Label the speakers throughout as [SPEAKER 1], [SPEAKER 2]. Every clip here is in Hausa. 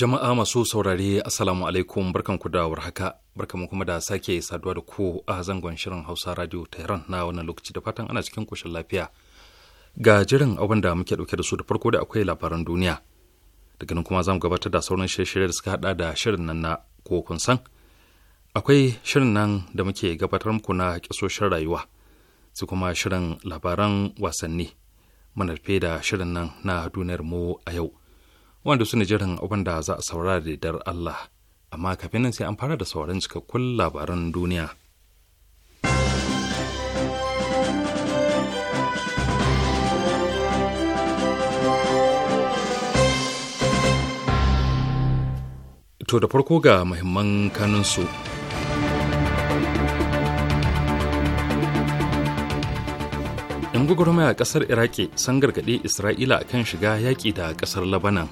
[SPEAKER 1] Jama'a masu saurare Assalamu alaikum barkanku da warhaka barkanku kuma da sake saduwa da ku a zangon shirin Hausa Radio Tehran na wannan lokaci da fatan ana cikin koshin lafiya. Ga jirin abin da muke dauke da su da farko da akwai labaran duniya. Daga nan kuma za mu gabatar da sauran shirye-shirye da suka hada da shirin nan na ko kun san. Akwai shirin nan da muke gabatar muku na kisoshin rayuwa. Sai kuma shirin labaran wasanni. manarfe da shirin nan na duniyar mu a yau. wanda su ne jiran abin da za a saurara da dar Allah amma kafin nan sai an fara da sauran cikakkun labaran duniya. To da farko ga muhimman kanunsu. ‘Yan gwagwarmaya ƙasar Iraki sun gargaɗe Isra'ila a kan shiga yaƙi da ƙasar Labanan.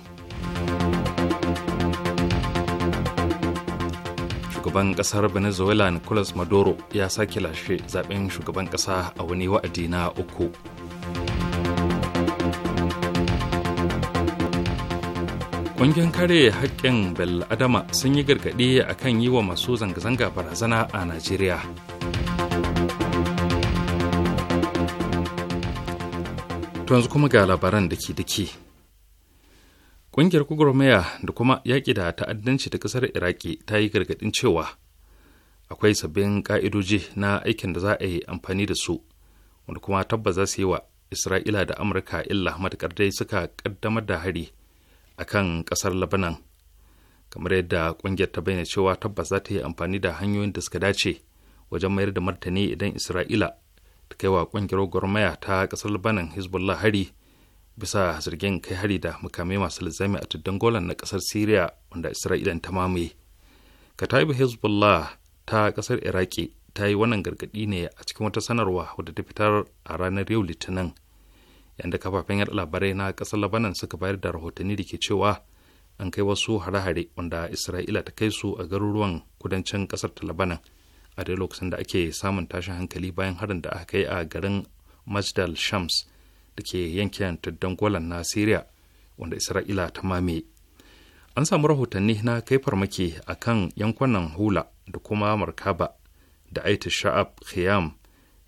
[SPEAKER 1] shugaban kasar venezuela nicolas maduro ya sake lashe zaben shugaban kasa a wani wa'adi na uku ƙungiyar kare haƙƙin Adama sun yi gargaɗi a kan yi wa masu zanga-zanga barazana a najeriya to yanzu kuma ga labaran da ke dake Ƙungiyar gwagwarmaya da kuma yaƙi da ta'addanci ta ƙasar Iraki ta yi gargaɗin cewa akwai sabbin ƙa'idoji na aikin da za a yi amfani da su wanda kuma tabbas za su yi wa Isra'ila da Amurka illa matuƙar dai suka ƙaddamar da hari a kan ƙasar Labanan. Kamar yadda ƙungiyar ta bayyana cewa tabbas za ta yi amfani da hanyoyin da suka dace wajen mayar da martani idan Isra'ila ta kai wa ƙungiyar gwagwarmaya ta ƙasar Labanan Hezbollah hari bisa zargin kai hari da mukamai masu lizami a tuddan golan na kasar siriya wanda isra'ila ta mamaye katabi hezbollah ta kasar iraki ta yi wannan gargadi ne a cikin wata sanarwa wadda ta fitar a ranar yau litinin yadda kafafen yada labarai na kasar labanan suka bayar da rahotanni da ke cewa an kai wasu hare-hare wanda isra'ila ta kai su a garuruwan kudancin kasar ta labanan a dai lokacin da ake samun tashin hankali bayan harin da aka kai a garin majdal shams da ke yankin tuddan na Siriya wanda Isra'ila ta mame. An samu rahotanni na kai farmaki a kan yankunan Hula da kuma Markaba da Aita Sha'ab Khiyam,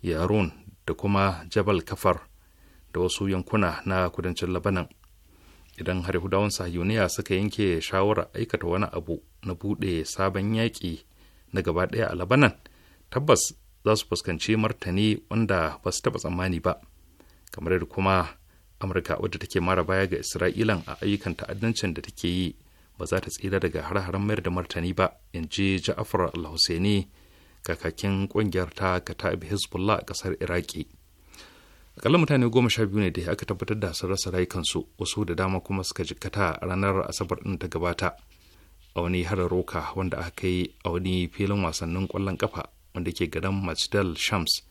[SPEAKER 1] Yarun da kuma Jabal Kafar da wasu yankuna na kudancin Labanan. Idan har hudawan Sahiyuniya suka yanke shawarar aikata wani abu na buɗe sabon yaƙi na gaba ɗaya a Labanan, tabbas za su fuskanci martani wanda ba su taɓa tsammani ba. kamar yadda kuma amurka wadda take mara baya ga isra'ilan a ayyukan ta'addancin da take yi ba za ta tsira daga har-haren mayar da martani ba in ji ja'afar al kakakin kungiyar ta kata'ib hezbollah a kasar iraki akalla mutane goma sha biyu ne da aka tabbatar da sun rasa rayukansu wasu da dama kuma suka jikkata ranar asabar din ta gabata a wani harin roka wanda aka yi a wani filin wasannin kwallon kafa wanda ke gadan majdal shams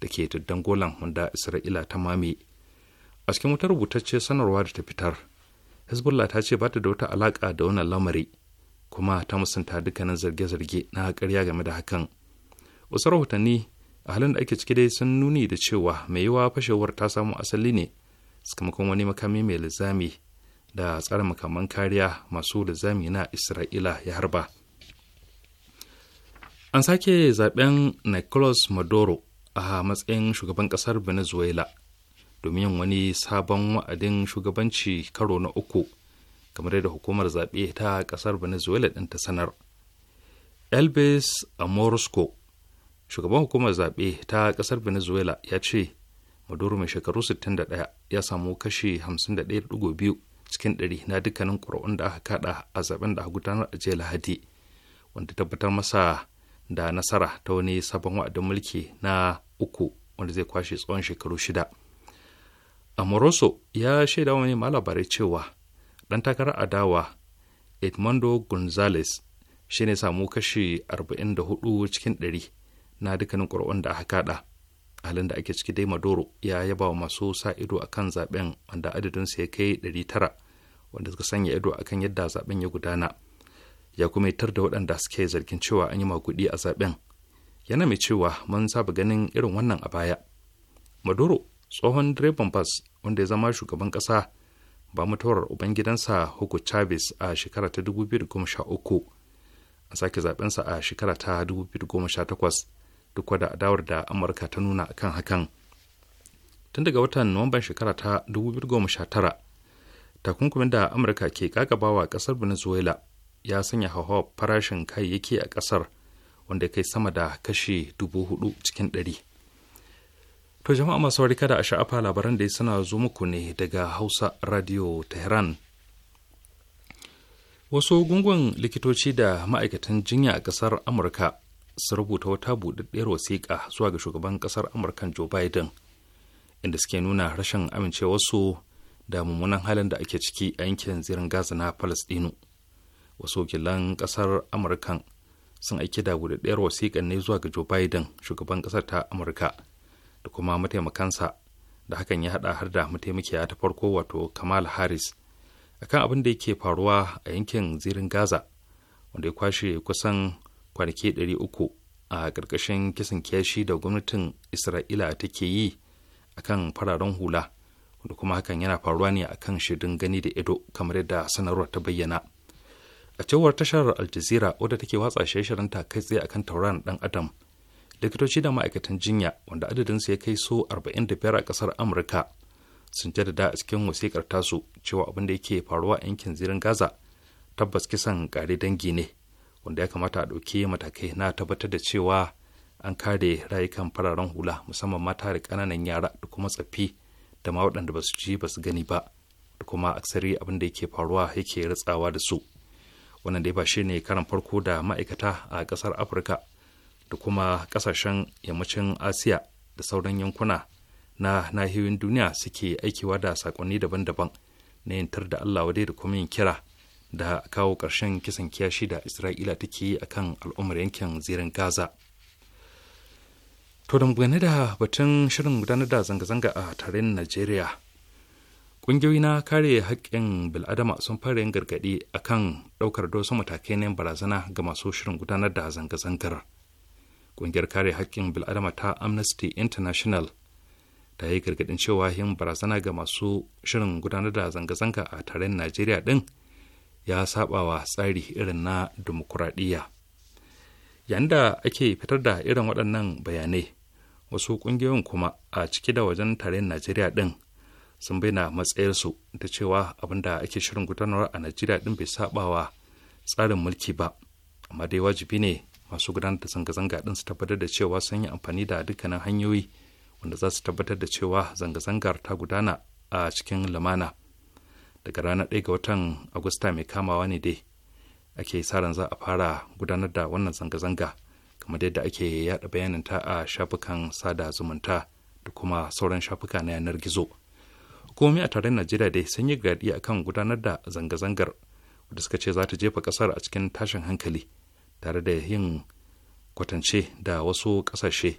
[SPEAKER 1] da ke tuddan golan wanda isra'ila ta mame a cikin wata rubutacce sanarwa da ta fitar hezbollah ta ce ba ta da wata alaƙa da wannan lamari kuma ta musanta dukkanin zarge-zarge na karya game da hakan wasu rahotanni a halin da ake ciki dai sun nuni da cewa mai yiwa fashewar ta samu asali ne sakamakon wani makami mai lizami da tsara makaman kariya masu lizami na isra'ila ya harba an sake zaben nicolas maduro a matsayin shugaban ƙasar venezuela domin wani sabon wa'adin shugabanci karo na uku kamar da hukumar zaɓe ta ƙasar venezuela ɗin ta sanar elvis amorosco shugaban hukumar zaɓe ta ƙasar venezuela ya ce maduro mai shekaru 61 ya samu kashi 51.2 cikin ɗari na dukkanin ƙuri'un da aka kaɗa a zaben da aka gudanar a jiya lahadi wanda tabbatar masa da nasara ta wani sabon wa'adin mulki na uku wanda zai kwashe tsawon shekaru shida amoroso ya shaida wani malabarai cewa ɗan takarar adawa edmundo gonzales shi ne samu kashi 44 cikin 100 na dukkanin ƙuri'un da aka kada halin da ake ciki dai maduro ya yaba wa masu sa ido akan zaben wanda adadinsa ya kai 900 wanda suka sanya ido akan yadda zaben ya gudana ya kuma tar da waɗanda suke zargin cewa an yi maguɗi a zaben yana mai cewa mun saba ganin irin wannan a baya maduro tsohon direban bas wanda ya zama shugaban ƙasa ba mutuwar ubangidansa hugo chavez a shekara ta 2013 a sake zaɓensa a shekara ta 2018 duk da adawar da amurka ta nuna kan hakan tun daga watan nuwamban shekara ta 2019 takunkumin da amurka ke kagabawa kasar venezuela ya sanya hauhawar farashin kayayyaki a ƙasar wanda ya kai sama da kashe dubu hudu cikin ɗari. To jama'a masu warika da a sha'afa labaran da suna zo muku ne daga Hausa Radio Tehran. Wasu gungun likitoci da ma'aikatan jinya a ƙasar Amurka su rubuta wata buɗaɗɗiyar wasiƙa zuwa ga shugaban ƙasar Amurka Joe Biden, inda suke nuna rashin amincewarsu da mummunan halin da ake ciki a yankin zirin Gaza na Falasɗinu. Wasu wakilan ƙasar Amurkan sun aiki da buɗaɗɗiyar wasiƙan ne zuwa ga Joe Biden shugaban ƙasar ta Amurka da kuma mataimakansa da hakan ya haɗa har da mataimakiya ta farko wato Kamal Harris akan abin da yake faruwa a yankin zirin Gaza wanda ya kwashe kusan kwanaki ɗari uku a ƙarƙashin kisan kyashi da gwamnatin Isra'ila take yi akan fararen hula wanda kuma hakan yana faruwa ne akan shirin gani da ido kamar yadda sanarwar ta bayyana. a cewar tashar al wadda take watsa shirye ta kai tsaye akan tauraron dan adam likitoci da ma'aikatan jinya wanda adadinsu ya kai so 45 a kasar amurka sun jaddada a cikin wasikar tasu cewa abin da yake faruwa a yankin zirin gaza tabbas kisan kare dangi ne wanda ya kamata a ɗauki matakai na tabbatar da cewa an kare rayukan fararen hula musamman mata da ƙananan yara da kuma tsaffi da ma waɗanda ba su ji ba su gani ba da kuma aksari abin da yake faruwa yake ratsawa da su wannan dai ba shi ne karan farko da ma'aikata a ƙasar afirka da kuma ƙasashen yammacin asiya da sauran yankuna na nahiyoyin duniya suke aikiwa da sakonni daban-daban na yantar da allah wadai da kuma yin kira da kawo ƙarshen kisan kiyashi da isra'ila take yi akan al'ummar yankin zirin gaza to da batun shirin gudanar da zanga-zanga a tarin najeriya Ƙungiyoyi na kare haƙƙin bil'adama sun fara yin gargaɗi a kan ɗaukar dosu matakai na barazana ga masu shirin gudanar da zanga-zangar. Ƙungiyar kare haƙƙin bil'adama ta Amnesty International ta yi gargaɗin cewa yin barazana ga masu shirin gudanar da zanga-zanga a taron Najeriya ɗin ya saba wa tsari irin na dimokuraɗiyya. Yayin da ake fitar da irin waɗannan bayanai, wasu ƙungiyoyin kuma a ciki da wajen taron Najeriya ɗin sun bayyana matsayarsu da cewa abin da ake shirin gudanarwa a najeriya din bai sabawa tsarin mulki ba amma dai wajibi ne masu gudanar da zanga-zanga din su tabbatar da cewa sun yi amfani da dukkanin hanyoyi wanda za su tabbatar da cewa zanga-zangar ta gudana a cikin lamana daga ranar ɗaya ga watan agusta mai kamawa ne dai ake sa ran za a fara gudanar da wannan zanga-zanga kamar yadda ake yada bayaninta a shafukan sada zumunta da kuma sauran shafuka na yanar gizo. komai a tarayyar najeriya dai sun yi gadi a kan gudanar da zanga-zangar wadda suka ce za ta jefa kasar a cikin tashin hankali tare da yin kwatance da wasu kasashe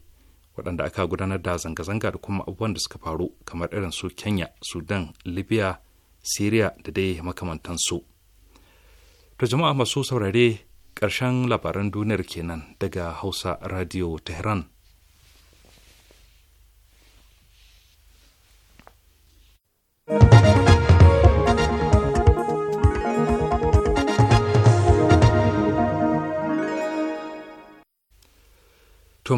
[SPEAKER 1] waɗanda aka gudanar da zanga-zanga da kuma abubuwan da suka faru kamar irin su kenya sudan libya syria da dai makamantansu to jama'a masu saurare ƙarshen labaran duniyar kenan daga hausa radio tehran Tuma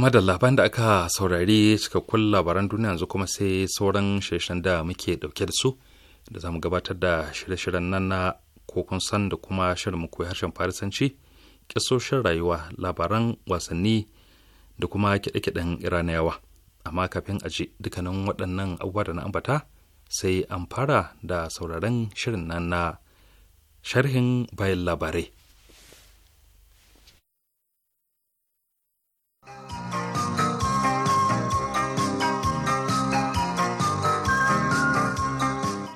[SPEAKER 1] da labaran da aka saurari cikakkun labaran duniya yanzu kuma sai sauran shirye-shiryen da muke dauke da su da zamu gabatar da shirye-shiryen nan na kokon san da kuma shirin mu koyi harshen farisanci kisoshin rayuwa labaran wasanni da kuma kiɗe-kiɗen Iranayawa, amma kafin a ji dukkanin waɗannan abubuwa da na ambata sai an fara da sauraron shirin nan na sharhin bayan labarai.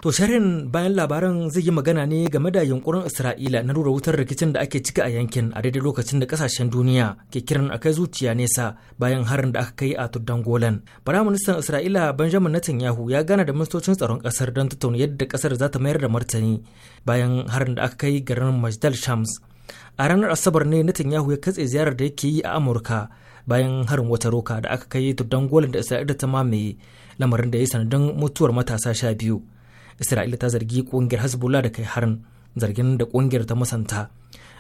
[SPEAKER 2] To sharin bayan labaran zai yi magana ne game da yunkurin Isra'ila na rura wutar rikicin da ake cika a yankin a daidai lokacin da kasashen duniya ke kiran a kai zuciya nesa bayan harin da aka kai a tuddan Golan. Firaministan Isra'ila Benjamin Netanyahu ya gana da ministocin tsaron kasar don tattauna yadda kasar za ta mayar da martani bayan harin da aka kai garin Majdal Shams. A ranar Asabar ne Netanyahu ya katse ziyarar da yake yi a Amurka bayan harin wata roka da aka kai tuddan Golan da Isra'ila ta mamaye lamarin da ya sanadin mutuwar matasa sha biyu. isra'ila ta zargi kungiyar hezbollah da kai harin zargin da kungiyar ta masanta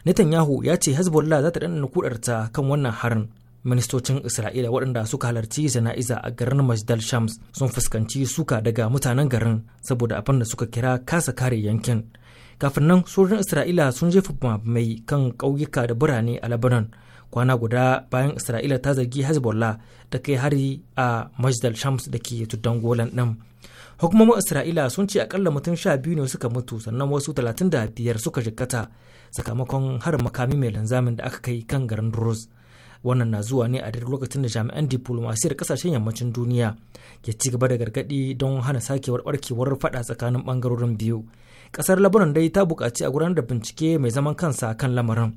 [SPEAKER 2] netanyahu ya ce hezbollah za ta nukudar ta kan wannan harin ministocin isra'ila waɗanda suka halarci jana'iza a garin majdal shams sun fuskanci suka daga mutanen garin saboda abin da suka kira kasa kare yankin kafin nan sojojin isra'ila sun jefa mai kan ƙauyuka da birane a lebanon kwana guda bayan isra'ila ta zargi hezbollah da kai hari a majdal shams da ke tuddan golan ɗin hukumomin isra'ila sun ce akalla mutum sha biyu ne suka mutu sannan wasu talatin da biyar suka jikkata sakamakon harin makami mai linzamin da aka kai kan garin druze wannan na zuwa ne a duk lokacin da jami'an diplomasiyar kasashen yammacin duniya ke ci gaba da gargadi don hana sakewar barkewar faɗa tsakanin bangarorin biyu kasar labaran dai ta buƙaci a gudanar da bincike mai zaman kansa kan lamarin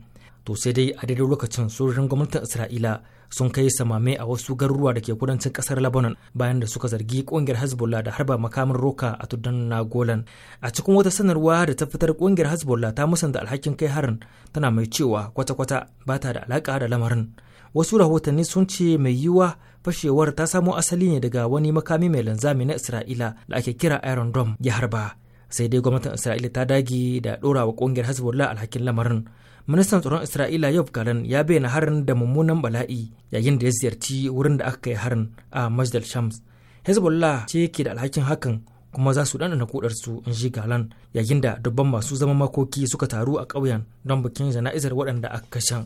[SPEAKER 2] to sai dai a daidai lokacin sojojin gwamnatin isra'ila sun kai samame a wasu garuruwa da ke kudancin kasar lebanon bayan da suka zargi kungiyar hezbollah da harba makamin roka a tuddan na golan a cikin wata sanarwa da ta fitar kungiyar hezbollah ta musanta alhakin kai harin tana mai cewa kwata-kwata ba ta da alaka da lamarin wasu rahotanni sun ce mai yiwuwa fashewar ta samo asali ne daga wani makami mai linzami na isra'ila da ake kira iron dome ya harba sai dai gwamnatin isra'ila ta dage da ɗorawa wa ƙungiyar hezbollah alhakin lamarin ministan tsaron isra'ila yau galan ya bayyana harin da mummunan bala'i yayin da ya ziyarci wurin da aka kai harin a majdal shams hezbollah ce ke da alhakin hakan kuma za su ɗanɗana su in ji galan yayin da dubban masu zama makoki suka taru a ƙauyen don bikin jana'izar waɗanda aka kashe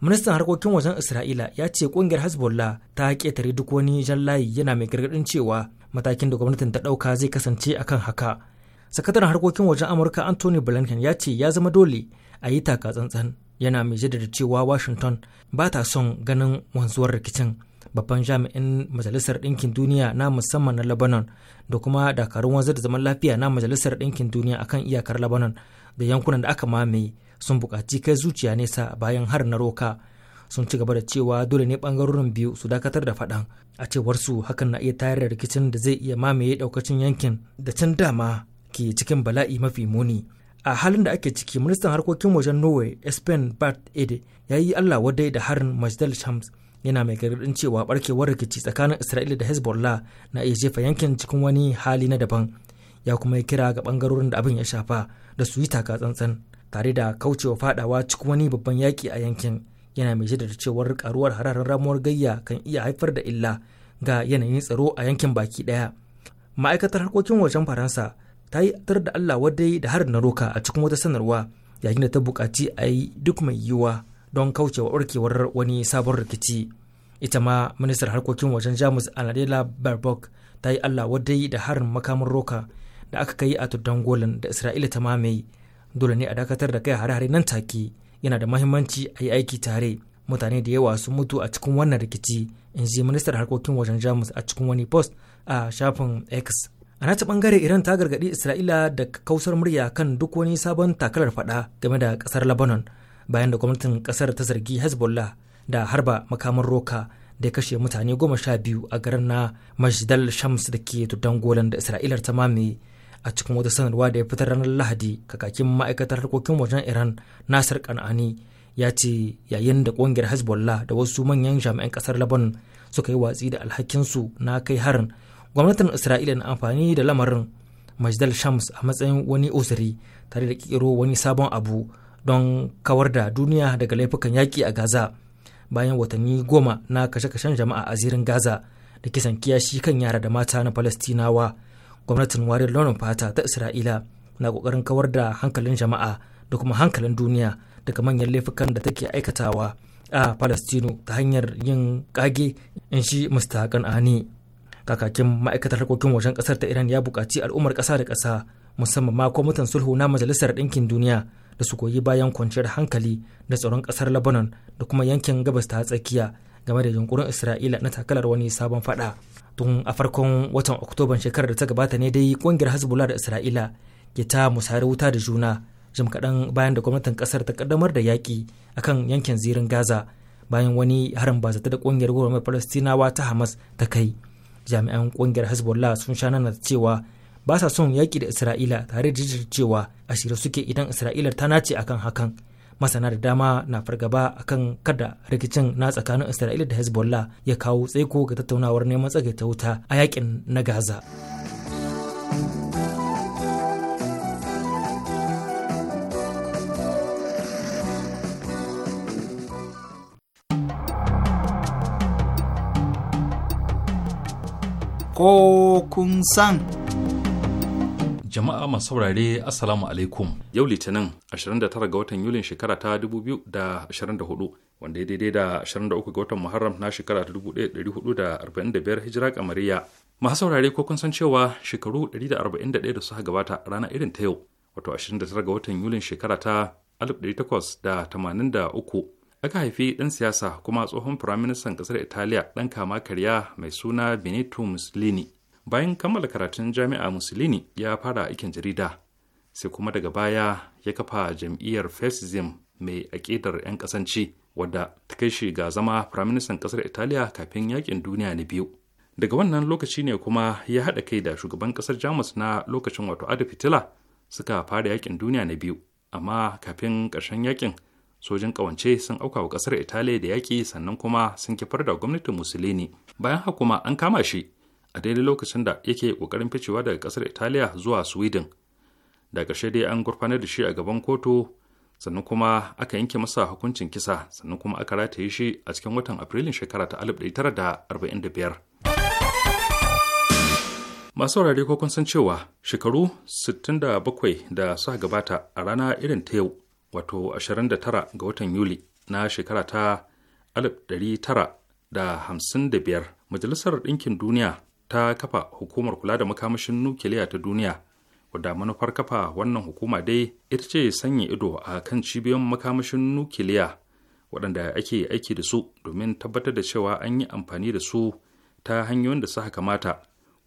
[SPEAKER 2] ministan harkokin wajen isra'ila ya ce ƙungiyar hezbollah ta ƙetare duk wani jan layi yana mai gargaɗin cewa matakin da gwamnatin ta ɗauka zai kasance akan haka sakataren harkokin wajen amurka anthony blinken ya ce ya zama dole a yi taka tsantsan yana mai da cewa washington ba ta son ganin wanzuwar rikicin babban jami'in majalisar ɗinkin duniya na musamman na lebanon da kuma dakarun wanzar da zaman lafiya na majalisar ɗinkin duniya akan iyakar lebanon da yankunan da aka mamaye sun buƙaci kai zuciya nesa bayan har na roka sun ci gaba da cewa dole ne ɓangarorin biyu su dakatar da faɗan a cewar su hakan na iya tayar da rikicin da zai iya mamaye ɗaukacin yankin da can dama ke cikin bala'i mafi muni a halin da ake ciki ministan harkokin wajen norway spain bart ede ya yi allah wadai da harin majdal shams yana mai gargadin cewa barkewar rikici tsakanin isra'ila da hezbollah na iya jefa yankin cikin wani hali na daban ya kuma yi kira ga bangarorin da abin ya shafa da su yi taka tsantsan tare da kaucewa fadawa cikin wani babban yaki a yankin yana mai shaidar cewar karuwar hararren ramuwar gayya kan iya haifar da illa ga yanayin tsaro a yankin baki ɗaya ma'aikatar harkokin wajen faransa ta yi tar da Allah wadai da har na roka a cikin wata sanarwa yayin da ta buƙaci a yi duk mai yiwuwa don kaucewa barkewar wani sabon rikici ita ma ministar harkokin wajen jamus anadela barbok ta yi allah wadai da har makamin roka da aka kai a tuddan golan da isra'ila ta mamaye dole ne a dakatar da kai hare-hare nan take yana da mahimmanci a yi aiki tare mutane da yawa sun mutu a cikin wannan rikici in ji ministar harkokin wajen jamus a cikin wani post a shafin x a ta bangare iran ta gargaɗi isra'ila da kausar murya kan duk wani sabon takalar fada game da ƙasar lebanon bayan da gwamnatin ƙasar ta zargi hezbollah da harba makaman roka da ya kashe mutane goma sha biyu a garin na masjidal shams da ke tuddan golan da isra'ilar ta mame a cikin wata sanarwa da ya fitar ranar lahadi kakakin ma'aikatar harkokin wajen iran nasir kan'ani ya ce yayin da ƙungiyar hezbollah da wasu manyan jami'an ƙasar lebanon suka yi watsi da alhakinsu na kai harin gwamnatin isra'ila na amfani da lamarin majdal shams a matsayin wani osiri tare da kiro wani sabon abu don kawar da duniya daga laifukan yaƙi a gaza bayan watanni goma na kashe-kashen jama'a a zirin gaza da kisan kiyashi kan yara da mata na falastinawa gwamnatin wariyar launin fata ta isra'ila na kokarin kawar da hankalin jama'a da kuma hankalin duniya daga manyan laifukan da take aikatawa a palestino ta hanyar yin kage in shi mustahakan ani kakakin ma'aikatar harkokin wajen kasar ta iran ya buƙaci al'ummar ƙasa da ƙasa musamman ma kwamitin sulhu na majalisar ɗinkin duniya da su koyi bayan kwanciyar hankali da tsaron ƙasar lebanon da kuma yankin gabas ta tsakiya game da yunkurin isra'ila na takalar wani sabon fada tun a farkon watan oktoban shekarar da ta gabata ne dai ƙungiyar hezbollah da isra'ila ke ta musayar wuta da juna jim kaɗan bayan da gwamnatin ƙasar ta ƙaddamar da yaƙi akan yankin zirin gaza bayan wani harin bazata da ƙungiyar gwamnatin falastinawa ta hamas ta kai jami'an ƙungiyar hezbollah sun sha nana cewa ba sa son yaƙi da isra'ila tare da cewa a shirye suke idan isra'ila ta nace akan hakan masana da dama na fargaba akan kada rikicin na tsakanin isra'ila da hezbollah ya kawo tsaiko ga tattaunawar neman tsagaita wuta a yakin na gaza.
[SPEAKER 3] ko kun san. Jama'a masu
[SPEAKER 1] saurare Assalamu alaikum. Yau Litinin 29 ga watan Yulin shekara ta 2024 wanda ya daidai da 23 ga watan Muharram na shekara ta 1445 Hijira kamariya. Masu saurare ko kun san cewa shekaru 141 da suka gabata rana irin ta yau, wato 29 ga watan Yulin shekara ta 1883 aka haifi ɗan siyasa kuma tsohon firaministan ƙasar italiya ɗan kama karya mai suna benito mussolini bayan kammala karatun jami'a mussolini ya fara aikin jarida sai kuma daga baya ya kafa jam'iyyar fascism mai aƙidar 'yan ƙasanci wadda ta kai shi ga zama firaministan ƙasar italiya kafin yakin duniya na biyu daga wannan lokaci ne kuma ya haɗa kai da shugaban ƙasar jamus na lokacin wato adolf hitler suka fara yakin duniya na biyu amma kafin ƙarshen yaƙin. sojin kawance sun auka wa kasar italiya da yaƙi sannan kuma sun kifar da gwamnatin musulini bayan haka kuma an kama shi a daidai lokacin da yake ƙoƙarin ficewa daga ƙasar italiya zuwa sweden da ƙarshe dai an gurfanar da shi a gaban kotu sannan kuma aka yanke masa hukuncin kisa sannan kuma aka rataye shi a cikin watan afrilun shekara ta 1945 masu wurare ko kun san cewa shekaru sittin da bakwai da suka gabata a rana irin ta yau wato 29 ga watan Yuli na shekara ta 1955 Majalisar Ɗinkin Duniya ta kafa hukumar kula da makamashin nukiliya ta duniya wadda manufar kafa wannan hukuma dai ita ce sanya ido a kan cibiyoyin makamashin nukiliya waɗanda ake aiki da su domin tabbatar da cewa an yi amfani da su ta hanyoyin da suka kamata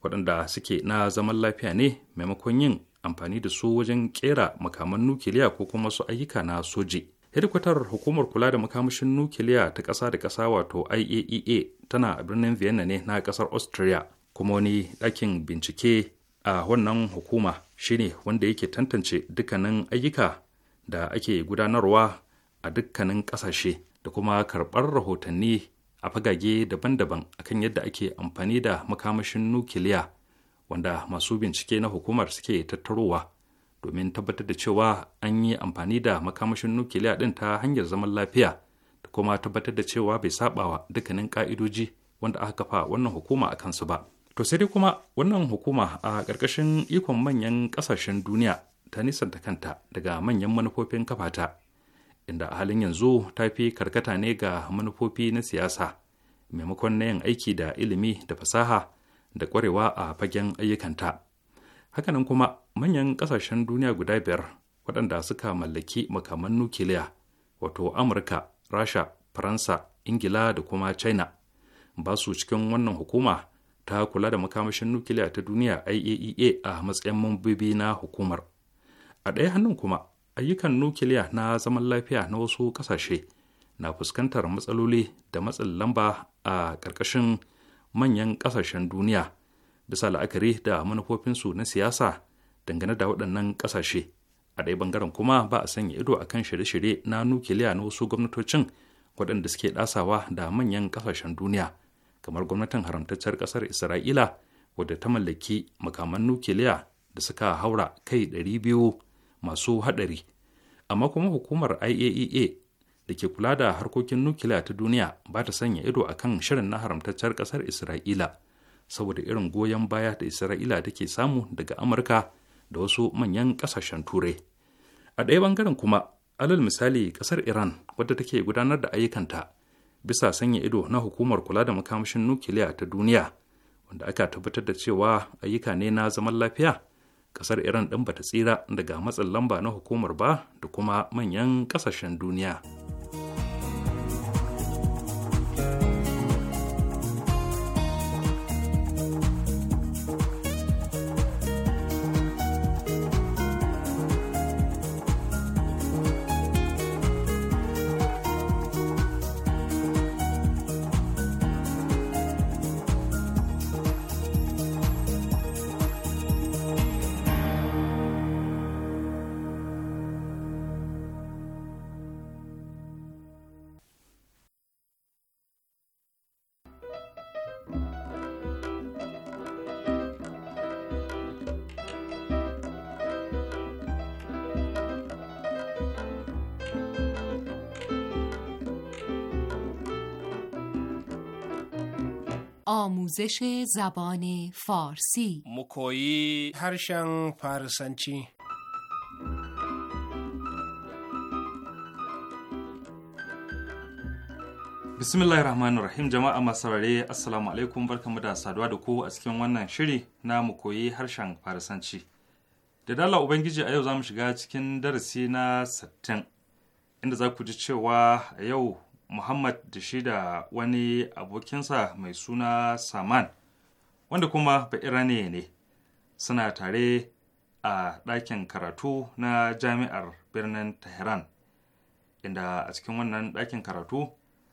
[SPEAKER 1] waɗanda suke na zaman lafiya ne maimakon yin amfani da su wajen kera makaman nukiliya ko kuma su ayyuka na soji hedikwatar hukumar kula da makamashin nukiliya ta ƙasa da ƙasa wato iaea e tana a birnin vienna ne na ƙasar austria kuma wani ɗakin bincike a wannan hukuma shine wanda yake tantance dukkanin ayyuka da ake gudanarwa a dukkanin ƙasashe da kuma karɓar rahotanni a fagage daban-daban akan yadda ake amfani da makamashin nukiliya wanda masu bincike na hukumar suke tattarowa domin tabbatar da cewa an yi amfani da makamashin nukiliya ɗin ta hanyar zaman lafiya da kuma tabbatar da cewa bai saɓawa dukkanin ƙa'idoji wanda aka kafa wannan hukuma a kansu ba. To sai dai kuma wannan hukuma a ƙarƙashin ikon manyan ƙasashen duniya ta nisanta kanta daga manyan manufofin kafata inda a halin yanzu ta fi karkata ne ga manufofi na siyasa maimakon na yin aiki da ilimi da fasaha da kwarewa a fagen ayyukanta hakanan kuma manyan kasashen duniya guda biyar waɗanda suka mallaki makaman nukiliya wato amurka rasha faransa ingila da kuma china ba su cikin wannan hukuma ta kula da makamashin nukiliya ta duniya iaea e a matsayin mambobi na hukumar a ɗaya hannun kuma ayyukan nukiliya na zaman lafiya na wasu ƙasashe na fuskantar matsaloli da matsin lamba a ƙarƙashin manyan ƙasashen duniya bisa la'akari da manufofinsu na siyasa dangane da waɗannan ƙasashe a ɗaya bangaren kuma ba a sanya ido a kan shirye-shirye na nukiliya na wasu gwamnatocin waɗanda suke ɗasawa da manyan ƙasashen duniya kamar gwamnatin haramtaccen ƙasar isra'ila wadda ta mallaki makaman nukiliya da suka haura kai ɗari biyu masu haɗari amma kuma hukumar iaea e da ke kula da harkokin nukiliya ta duniya ba ta sanya ido a kan shirin na haramtaccen ƙasar isra'ila saboda irin goyon baya da isra'ila take samu daga amurka da wasu manyan ƙasashen turai a ɗaya bangaren kuma alal misali ƙasar iran wadda take gudanar da ayyukanta bisa sanya ido na hukumar kula da makamashin nukiliya ta duniya wanda aka tabbatar da cewa ayyuka ne na zaman lafiya ƙasar iran ɗin bata tsira daga matsin lamba na hukumar ba da kuma manyan ƙasashen duniya.
[SPEAKER 4] آموزش زبان فارسی
[SPEAKER 1] مکویی هرشن فارسنچی bismillahir rahmanir rahim jama'a masu saurare assalamu alaikum barkamu da saduwa da ku a cikin wannan shiri na mu koyi harshen farisanci da dala ubangiji a yau za mu shiga cikin darasi na 60 inda za ku ji cewa a yau muhammad da shi da wani abokinsa mai suna saman wanda kuma ba'irane ne suna tare a ɗakin karatu na jami'ar birnin tehran inda a cikin wannan ɗakin karatu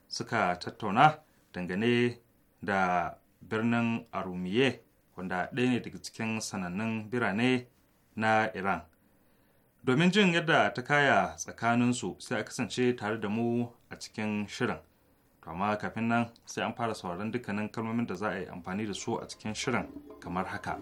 [SPEAKER 1] suka tattauna dangane da birnin arumiye wanda ɗaya ne daga cikin sanannun birane na iran domin jin yadda ta kaya tsakaninsu sai a kasance tare da mu a cikin shirin to amma kafin nan sai an fara sauraron dukkanin kalmomin da za a yi amfani da su a cikin shirin kamar haka.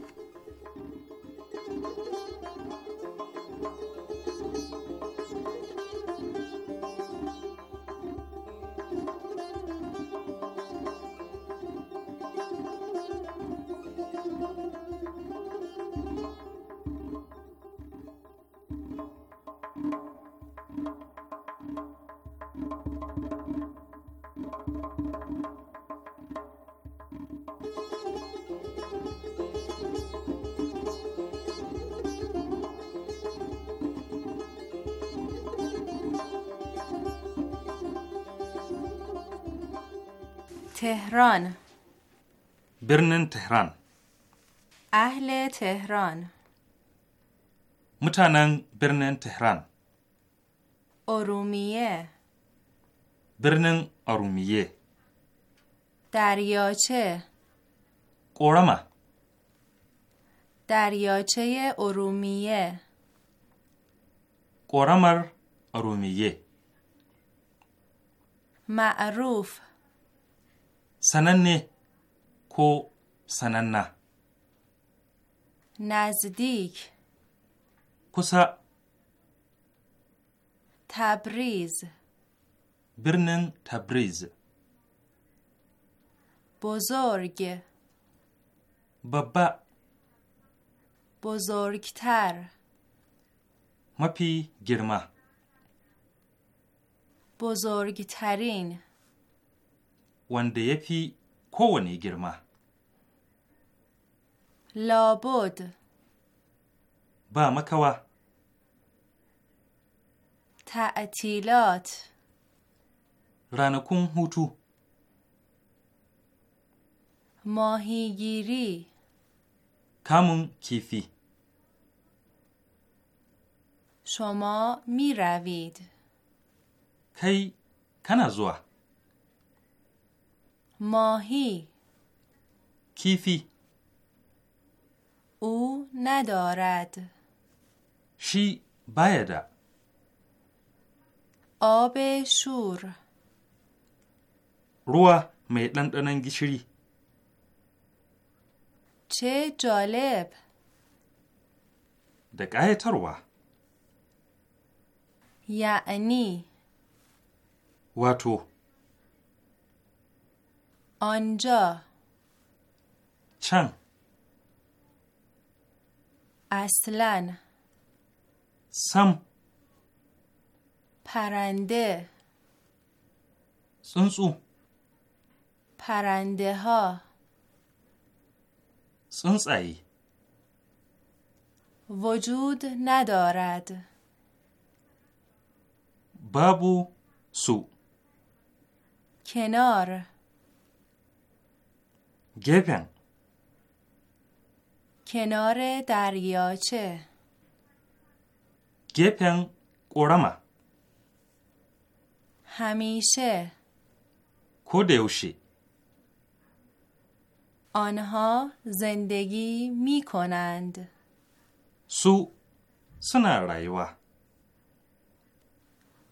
[SPEAKER 1] تهران برنن تهران
[SPEAKER 5] اهل تهران
[SPEAKER 1] متانن برنن تهران
[SPEAKER 5] ارومیه
[SPEAKER 1] برنن ارومیه
[SPEAKER 5] دریاچه قرمه دریاچه ارومیه
[SPEAKER 1] قرمر ارومیه
[SPEAKER 5] معروف
[SPEAKER 1] سننه کو سننه
[SPEAKER 5] نزدیک کسا تبریز
[SPEAKER 1] برنن تبریز
[SPEAKER 5] بزرگ بابا بزرگتر
[SPEAKER 1] مپی گرما
[SPEAKER 5] بزرگترین
[SPEAKER 1] wanda ya fi kowane girma.
[SPEAKER 5] Labod
[SPEAKER 1] Ba makawa.
[SPEAKER 5] tilot.
[SPEAKER 1] Ranakun hutu.
[SPEAKER 5] Mahigiri.
[SPEAKER 1] Kamun kifi.
[SPEAKER 5] Shoma miravid.
[SPEAKER 1] Kai, kana zuwa.
[SPEAKER 5] ماهی کیفی او ندارد
[SPEAKER 1] شی باید
[SPEAKER 5] آب شور
[SPEAKER 1] روا می دندنن گشری
[SPEAKER 5] چه جالب
[SPEAKER 1] دقایه تروا
[SPEAKER 5] یعنی واتو آنجا چن اصلا سم پرنده سنسو پرنده ها وجود ندارد
[SPEAKER 1] بابو سو
[SPEAKER 5] کنار گپن کنار دریاچه
[SPEAKER 1] گپن قرما
[SPEAKER 5] همیشه
[SPEAKER 1] کودوشی
[SPEAKER 5] آنها زندگی می کنند
[SPEAKER 1] سو سنا رایوا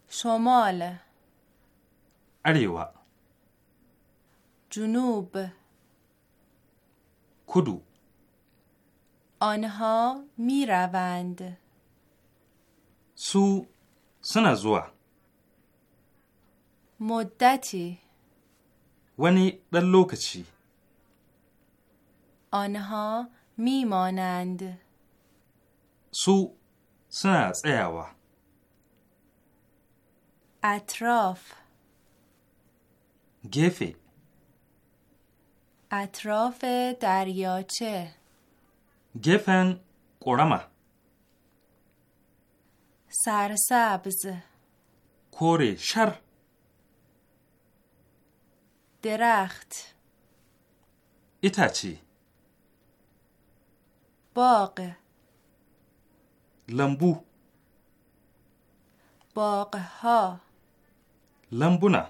[SPEAKER 5] شمال اریوا جنوب کدو آنها می روند
[SPEAKER 1] سو سنزوا
[SPEAKER 5] مدتی
[SPEAKER 1] ونی در لوکچی
[SPEAKER 5] آنها می مانند
[SPEAKER 1] سو سنز ایوا
[SPEAKER 5] اطراف گفه اطراف دریاچه
[SPEAKER 1] گفن قرمه
[SPEAKER 5] سرسبز
[SPEAKER 1] کوری شر
[SPEAKER 5] درخت ایتاچی باغ لمبو باغ ها لمبونا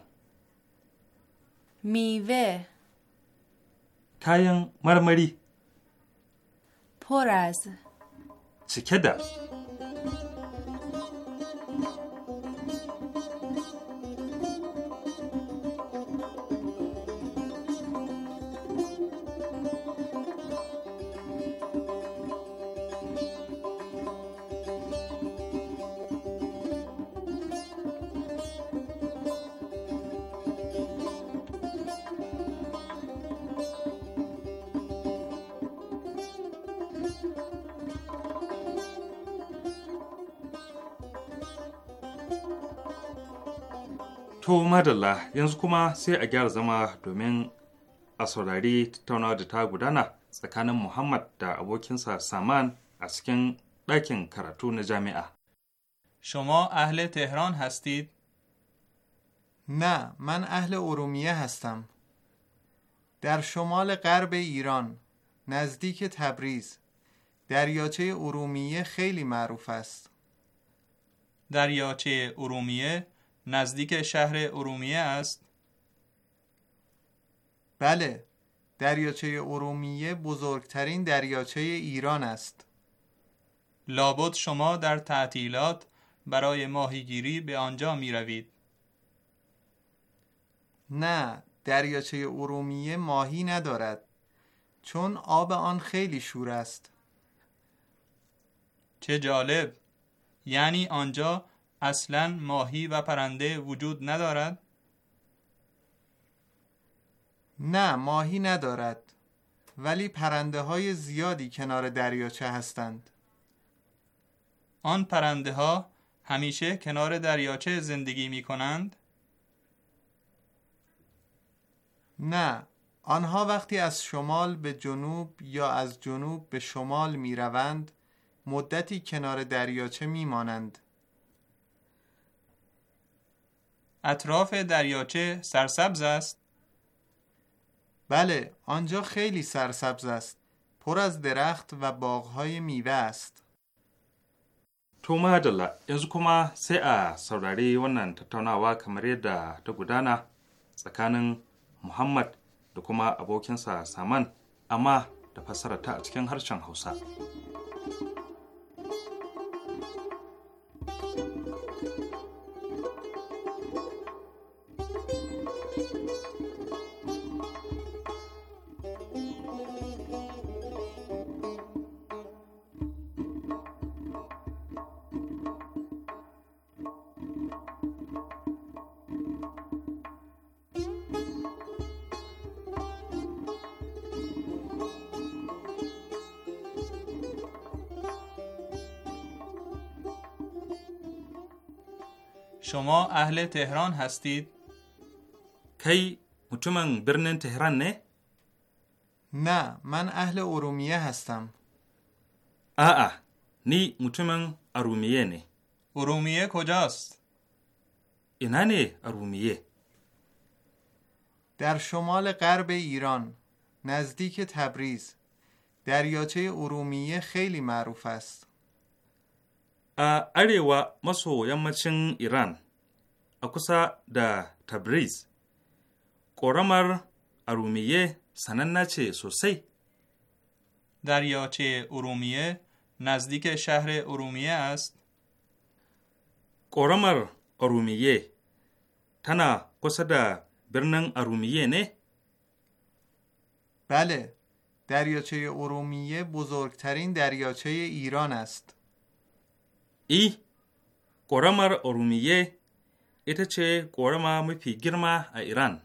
[SPEAKER 5] میوه
[SPEAKER 1] kayan marmari.
[SPEAKER 5] Poras.
[SPEAKER 1] Cike da. To madalla yanzu kuma sai a gyara zama domin a saurari tattaunawa da ta gudana tsakanin Muhammad da abokinsa Saman a cikin ɗakin karatu na
[SPEAKER 6] jami'a. Tehran hastid? Na, man نه من hastam. Dar هستم در شمال غرب ایران نزدیک تبریز دریاچه ارومیه خیلی معروف است
[SPEAKER 7] دریاچه ارومیه نزدیک شهر ارومیه
[SPEAKER 6] است؟ بله دریاچه ارومیه بزرگترین دریاچه ایران است لابد شما
[SPEAKER 7] در تعطیلات برای ماهیگیری به آنجا می روید
[SPEAKER 6] نه دریاچه ارومیه ماهی ندارد چون آب آن خیلی شور است
[SPEAKER 7] چه جالب یعنی آنجا اصلا ماهی و پرنده وجود ندارد؟
[SPEAKER 6] نه ماهی ندارد ولی پرنده های زیادی کنار دریاچه هستند
[SPEAKER 7] آن پرنده ها همیشه کنار دریاچه زندگی می کنند؟
[SPEAKER 6] نه آنها وقتی از شمال به جنوب یا از جنوب به شمال می روند مدتی کنار دریاچه می مانند اطراف دریاچه سرسبز است؟ بله، آنجا خیلی سرسبز است. پر از درخت و باغهای میوه است.
[SPEAKER 1] To madalla yanzu kuma sai a saurari wannan tattaunawa kamar yadda ta gudana tsakanin Muhammad da kuma abokinsa Saman amma da fassarata a cikin harshen Hausa.
[SPEAKER 7] شما اهل تهران هستید؟ کی مطمئن برنن تهران نه؟ نه
[SPEAKER 6] من اهل ارومیه هستم
[SPEAKER 1] آه نی مطمئن
[SPEAKER 6] ارومیه نه ارومیه کجاست؟ اینا نه ارومیه در شمال غرب ایران نزدیک تبریز دریاچه ارومیه خیلی معروف است.
[SPEAKER 1] آره و مسو یمچن ایران ا kusa da تبریز ƙoramar ارومیه سنن چه سوسی
[SPEAKER 7] دریاچه ارومیه نزدیک شهر ارومیه است
[SPEAKER 1] قرمر ارومیه تنا
[SPEAKER 6] قصد برنن ارومیه نه بله دریاچه ارومیه بزرگترین دریاچه ایران است ای کورامر ارومیه ita چه ƙorama mafi
[SPEAKER 7] girma ایران.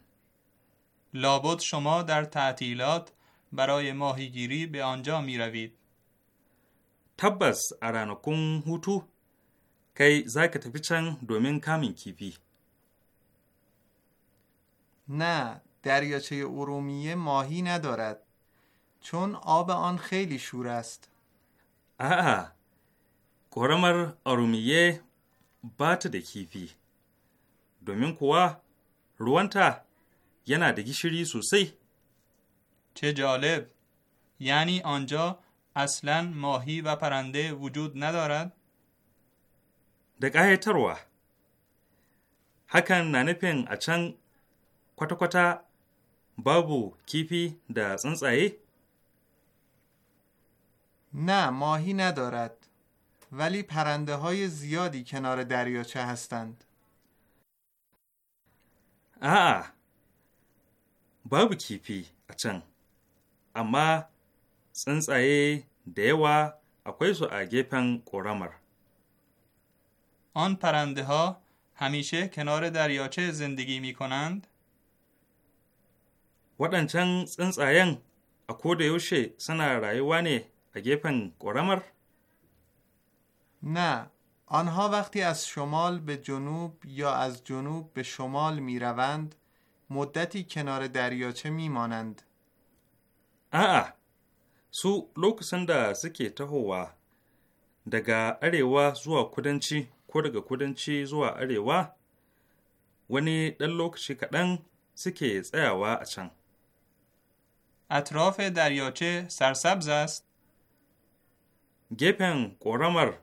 [SPEAKER 7] لابد شما در تعطیلات برای ماهیگیری به آنجا می روید. تبس کن هوتو
[SPEAKER 6] کی زاک تفی چن دومین کامین کیفی. نه دریاچه ارومیه ماهی ندارد چون آب آن خیلی شور است.
[SPEAKER 1] آه قورمر ارومیه بات ده کیفی. domin kuwa
[SPEAKER 7] ruwanta yana da gishiri sosai. چه جالب یعنی آنجا اصلا ماهی و پرنده وجود ندارد؟
[SPEAKER 1] da ƙayatarwa hakan na nufin a can kwata-kwata babu kifi da tsuntsaye?
[SPEAKER 6] na ماهی ندارد ولی پرنده های زیادی کنار دریاچه هستند
[SPEAKER 1] a'a babu kifi a can amma tsuntsaye da yawa akwai su a gefen ƙoramar
[SPEAKER 7] آن پرنده ها همیشه کنار دریاچه zindigi می waɗancan tsuntsayen a koda
[SPEAKER 6] yaushe suna rayuwa ne a gefen ƙoramar? Na, آنها وقتی از شمال به جنوب یا از جنوب به شمال می روند مدتی کنار دریاچه می مانند. آه
[SPEAKER 1] su lokacin da suke tahowa daga arewa zuwa kudanci ko daga kudanci zuwa arewa wani ɗan lokaci
[SPEAKER 7] kaɗan suke tsayawa a can. اطراف دریاچه
[SPEAKER 6] سرسبز است. gefen ƙoramar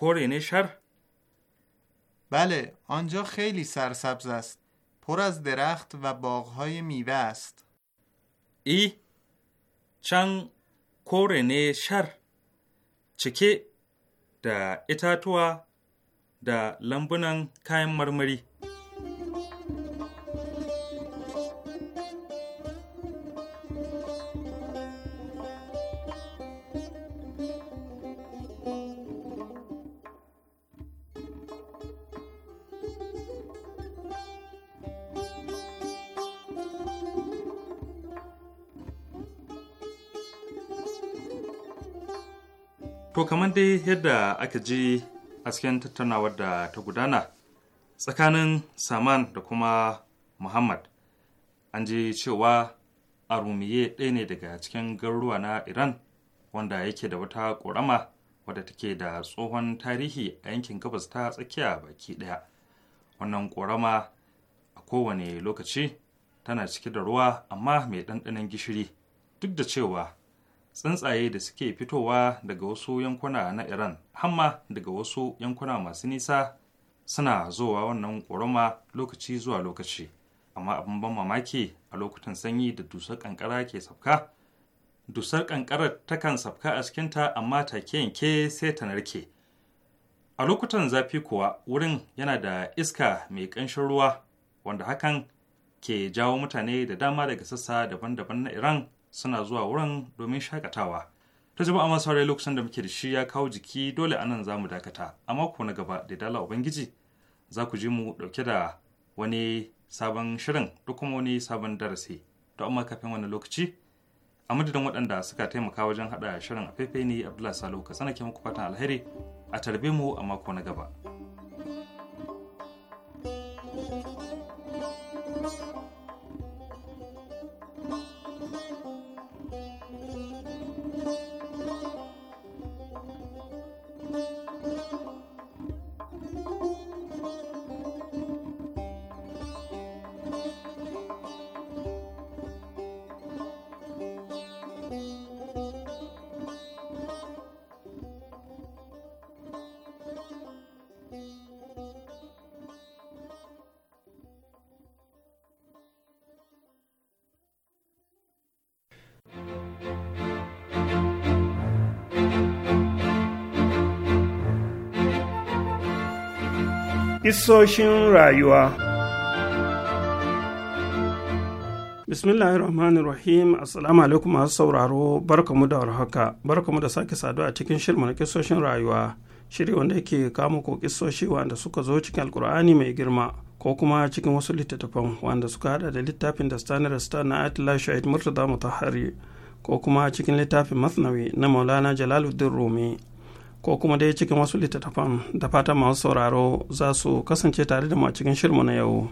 [SPEAKER 6] کره بله آنجا خیلی سرسبز است پر از درخت و باغهای میوه است ای چنگ کره شر چکه دا اتاتوا
[SPEAKER 1] دا لمبونن کاین مرمری kamar dai yadda aka ji a cikin tattaunawar da ta gudana tsakanin saman da kuma muhammad an ji cewa arumiye ɗaya ne daga cikin garuruwa na iran wanda yake da wata ƙorama wadda take da tsohon tarihi a yankin gabas ta tsakiya baki ɗaya wannan ƙorama a kowane lokaci tana cike da ruwa amma mai ɗanɗanon gishiri duk da cewa tsuntsaye da suke fitowa daga wasu yankuna na iran hamma daga wasu yankuna masu nisa suna zowa wannan ƙorama lokaci zuwa lokaci amma abin ban mamaki a lokutan sanyi da dusar ƙanƙara ke sabka dusar ƙanƙarar takan sabka a cikinta amma take yanke sai ta narke a lokutan zafi kuwa wurin yana da iska mai ƙanshin ruwa wanda hakan ke jawo mutane da dama daga sassa daban-daban na iran suna zuwa wurin domin shakatawa ta jama'a masu saurari lokacin da muke da shi ya kawo jiki dole anan za mu dakata a mako na gaba da dala ubangiji za ku ji mu ɗauke da wani sabon shirin da kuma wani sabon darasi to amma kafin wani lokaci a madadin waɗanda suka taimaka wajen haɗa shirin a faifai ne abdullahi salo ka sanake muku fatan alheri a tarbe mu a mako na gaba.
[SPEAKER 8] Isoshin rayuwa Bismillahirrahmanirrahim Assalamu alaikum masu sauraro barkamu da warhaka barkamu da sake saduwa a cikin shirin na kisoshin rayuwa shiri wanda yake kamo ko kisoshi wanda suka zo cikin alkur'ani mai girma ko kuma cikin wasu littattafan wanda suka hada da littafin da stanar star na atila shahid murtada mutahari ko kuma cikin littafin masnawi na maulana jalaluddin rumi ko kuma dai cikin wasu littattafan da fatan masu sauraro za su kasance tare da mu cikin shirmu na yau.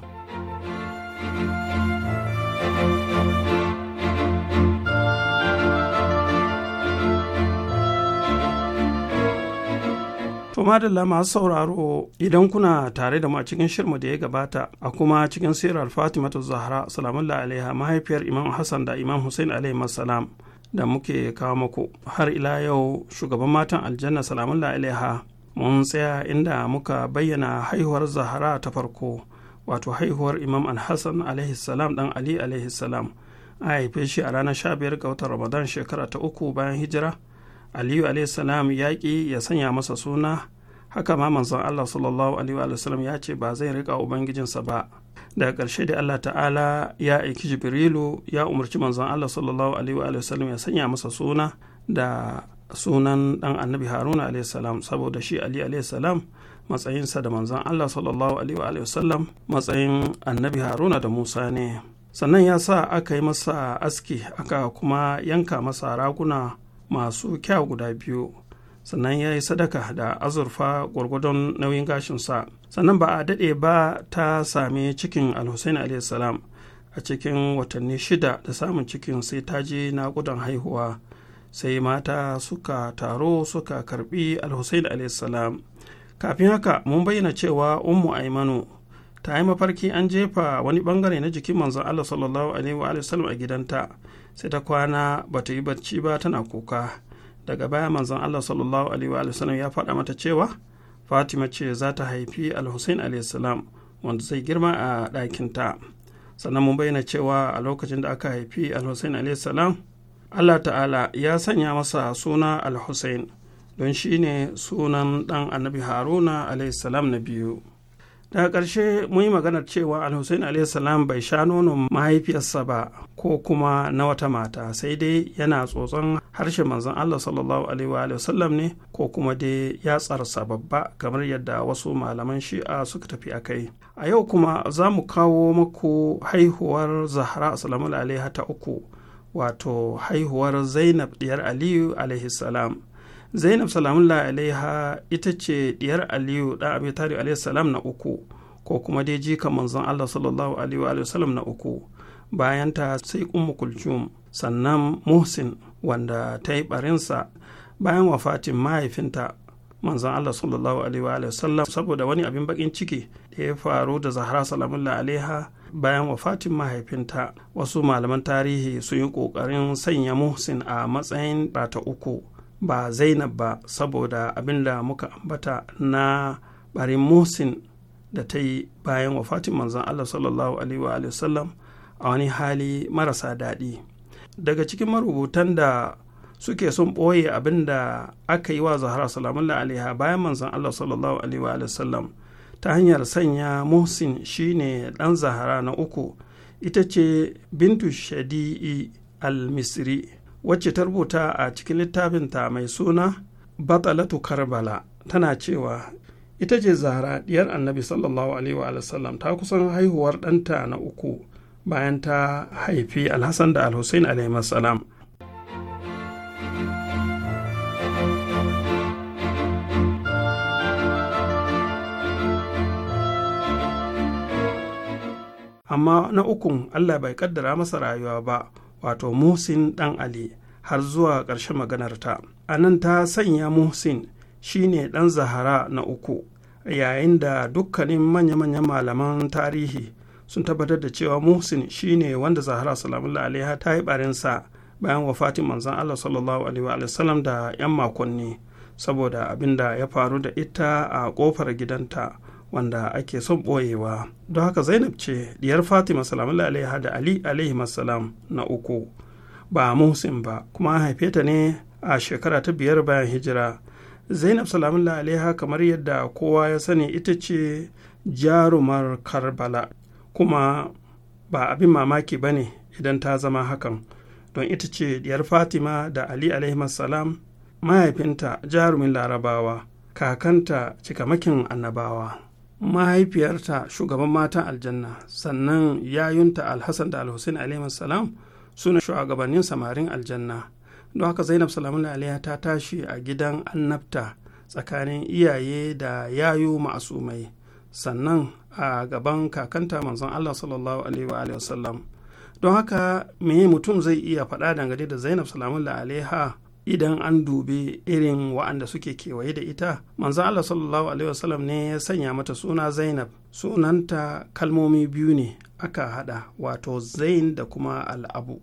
[SPEAKER 8] To madalla masu sauraro idan kuna tare da mu a cikin shirmu da ya gabata a kuma cikin sirar Fatimatu Zahra salamun alaiha mahaifiyar Imam Hassan da Imam Hussein alaihi salam. da muke kawo muku har ila yau shugaban matan aljanna salamun ilaiha mun tsaya inda muka bayyana haihuwar zahara ta farko wato haihuwar imam alhassan alaihi salam dan ali alaihi salam a haife shi a ranar 15 ga watan ramadan shekara ta uku bayan hijira aliyu alaihi salam ya ya sanya masa suna haka ma manzon Allah sallallahu alaihi wa sallam ya ce ba zai rika ubangijinsa ba daga ƙarshe da Allah ta'ala ya aiki jibrilu ya umarci manzon Allah sallallahu alaihi wa sallam ya sanya masa suna da sunan dan annabi haruna alaihi salam saboda shi ali alaihi salam matsayinsa da manzon Allah sallallahu alaihi wa sallam matsayin annabi haruna da musa ne sannan ya sa aka yi masa aski aka kuma yanka masa raguna masu kyau guda biyu sannan ya yi sadaka da azurfa gwargwadon nauyin gashinsa sannan ba a daɗe ba ta sami cikin alhussein salam a cikin watanni shida da samun cikin sai ta je na gudan haihuwa sai mata suka taro suka karbi alhussein salam kafin haka mun bayyana cewa ummu aimanu ta yi mafarki an jefa wani bangare na jikin manzon allah sallallahu alaihi wa sallam a gidanta sai ta kwana bata yi bacci ba tana kuka daga baya manzon Allah sallallahu alaihi wa sallam ya faɗa mata cewa Fatima ce za ta haifi Al-Hussein salam wanda zai girma a ɗakinta. Sannan mun bayyana cewa a lokacin da aka haifi Al-Hussein salam Allah ta'ala ya sanya masa suna Al-Hussein don shine sunan ɗan annabi Haruna alaihi salam na biyu. daga ƙarshe mun yi maganar cewa alhussein salam bai sha nonon mahaifiyarsa ba ko kuma na wata mata sai dai yana tsotson harshen manzon allah sallallahu alaihi wa sallam ne ko kuma dai ya yatsarsa babba kamar yadda wasu malaman shi'a suka tafi a kai a yau kuma za mu kawo maku haihuwar zahra salamu alaiha ta uku wato haihuwar zainab diyar aliyu alaihi salam zainab salamullah alaiha ita ce diyar aliyu da abi tari salam na uku ko kuma dai jika manzon allah sallallahu alaihi wa sallam na uku bayanta sai ummu kulcum sannan muhsin wanda ta yi barinsa bayan wafatin mahaifinta manzon allah sallallahu alaihi wa sallam saboda wani abin bakin ciki da ya faru da zahra salamullah alaiha bayan wafatin mahaifinta wasu malaman tarihi sun yi kokarin sanya muhsin a matsayin bata uku ba zainab ba saboda abin da muka ambata na barin musin da ta yi bayan wafatin manzon allah sallallahu alaihi wa sallam a wani hali marasa daɗi daga cikin marubutan da suke sun ɓoye abin da aka yi wa zahara salamullah alaiha bayan manzon allah sallallahu alaihi wa sallam ta hanyar sanya muhsin shine ɗan zahara na uku ita ce bintu shadi'i al-misri wacce ta rubuta a cikin littafinta mai suna batalatu karbala tana cewa ita ce zahra diyar annabi sallallahu alaihi wa sallam ta kusan haihuwar ɗanta na uku bayan ta haifi alhassan da alhussein alaihi salam amma na ukun allah bai kaddara masa rayuwa ba wato muhsin Ɗan ali har zuwa ƙarshen maganarta a nan ta sanya muhsin shine ɗan zahara na uku yayin da dukkanin manya-manyan malaman tarihi sun tabbatar da cewa muhsin shine wanda zahara salamullah alaiha ta yi barinsa bayan wafatin manzan allah sallallahu alaihi wa sallam da yan makonni saboda abin da ya faru da ita a ƙofar gidanta wanda ake son ɓoyewa don haka zainab ce diyar fatima salamu alaiha da ali alaihi salam na uku ba muhsin ba kuma an haife ta ne a shekara ta biyar bayan hijira zainab salamu alaiha kamar yadda kowa ya sani ita ce jarumar karbala kuma ba abin mamaki ba ne idan ta zama hakan don ita ce diyar fatima da ali alaihi salam mahaifinta jarumin larabawa kakanta cikamakin annabawa mahaifiyarta shugaban matan aljanna sannan yayunta alhassan da alhussein alaihi salam suna shugabannin samarin aljanna don haka zainab salamun alaiha ta tashi a gidan annabta tsakanin iyaye da yayo ma'asumai sannan a gaban kakanta manzon allah sallallahu alaihi wa don haka me mutum zai iya faɗa dangane da zainab salamun Aliha. idan an dubi irin wa'anda suke kewaye da ita manzan Allah sallallahu alaihi wasallam ne ya sanya mata suna Zainab sunanta kalmomi biyu ne aka hada wato zain da kuma al'abu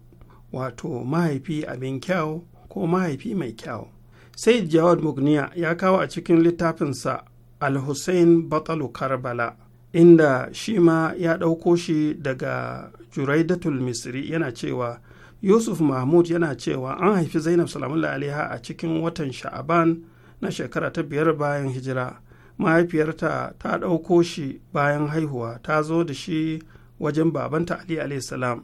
[SPEAKER 8] wato mahaifi abin kyau ko mahaifi mai kyau sai jawad mugniya ya kawo a cikin littafinsa al-hussein batalu karbala inda shi ma ya ɗauko shi daga juraidatul misri yana cewa yusuf mahmud yana cewa an haifi zainab salamullah alaiha a cikin watan sha'aban na shekara ta biyar bayan hijira mahaifiyarta ta ɗauko shi bayan haihuwa ta zo da shi wajen babanta ali salam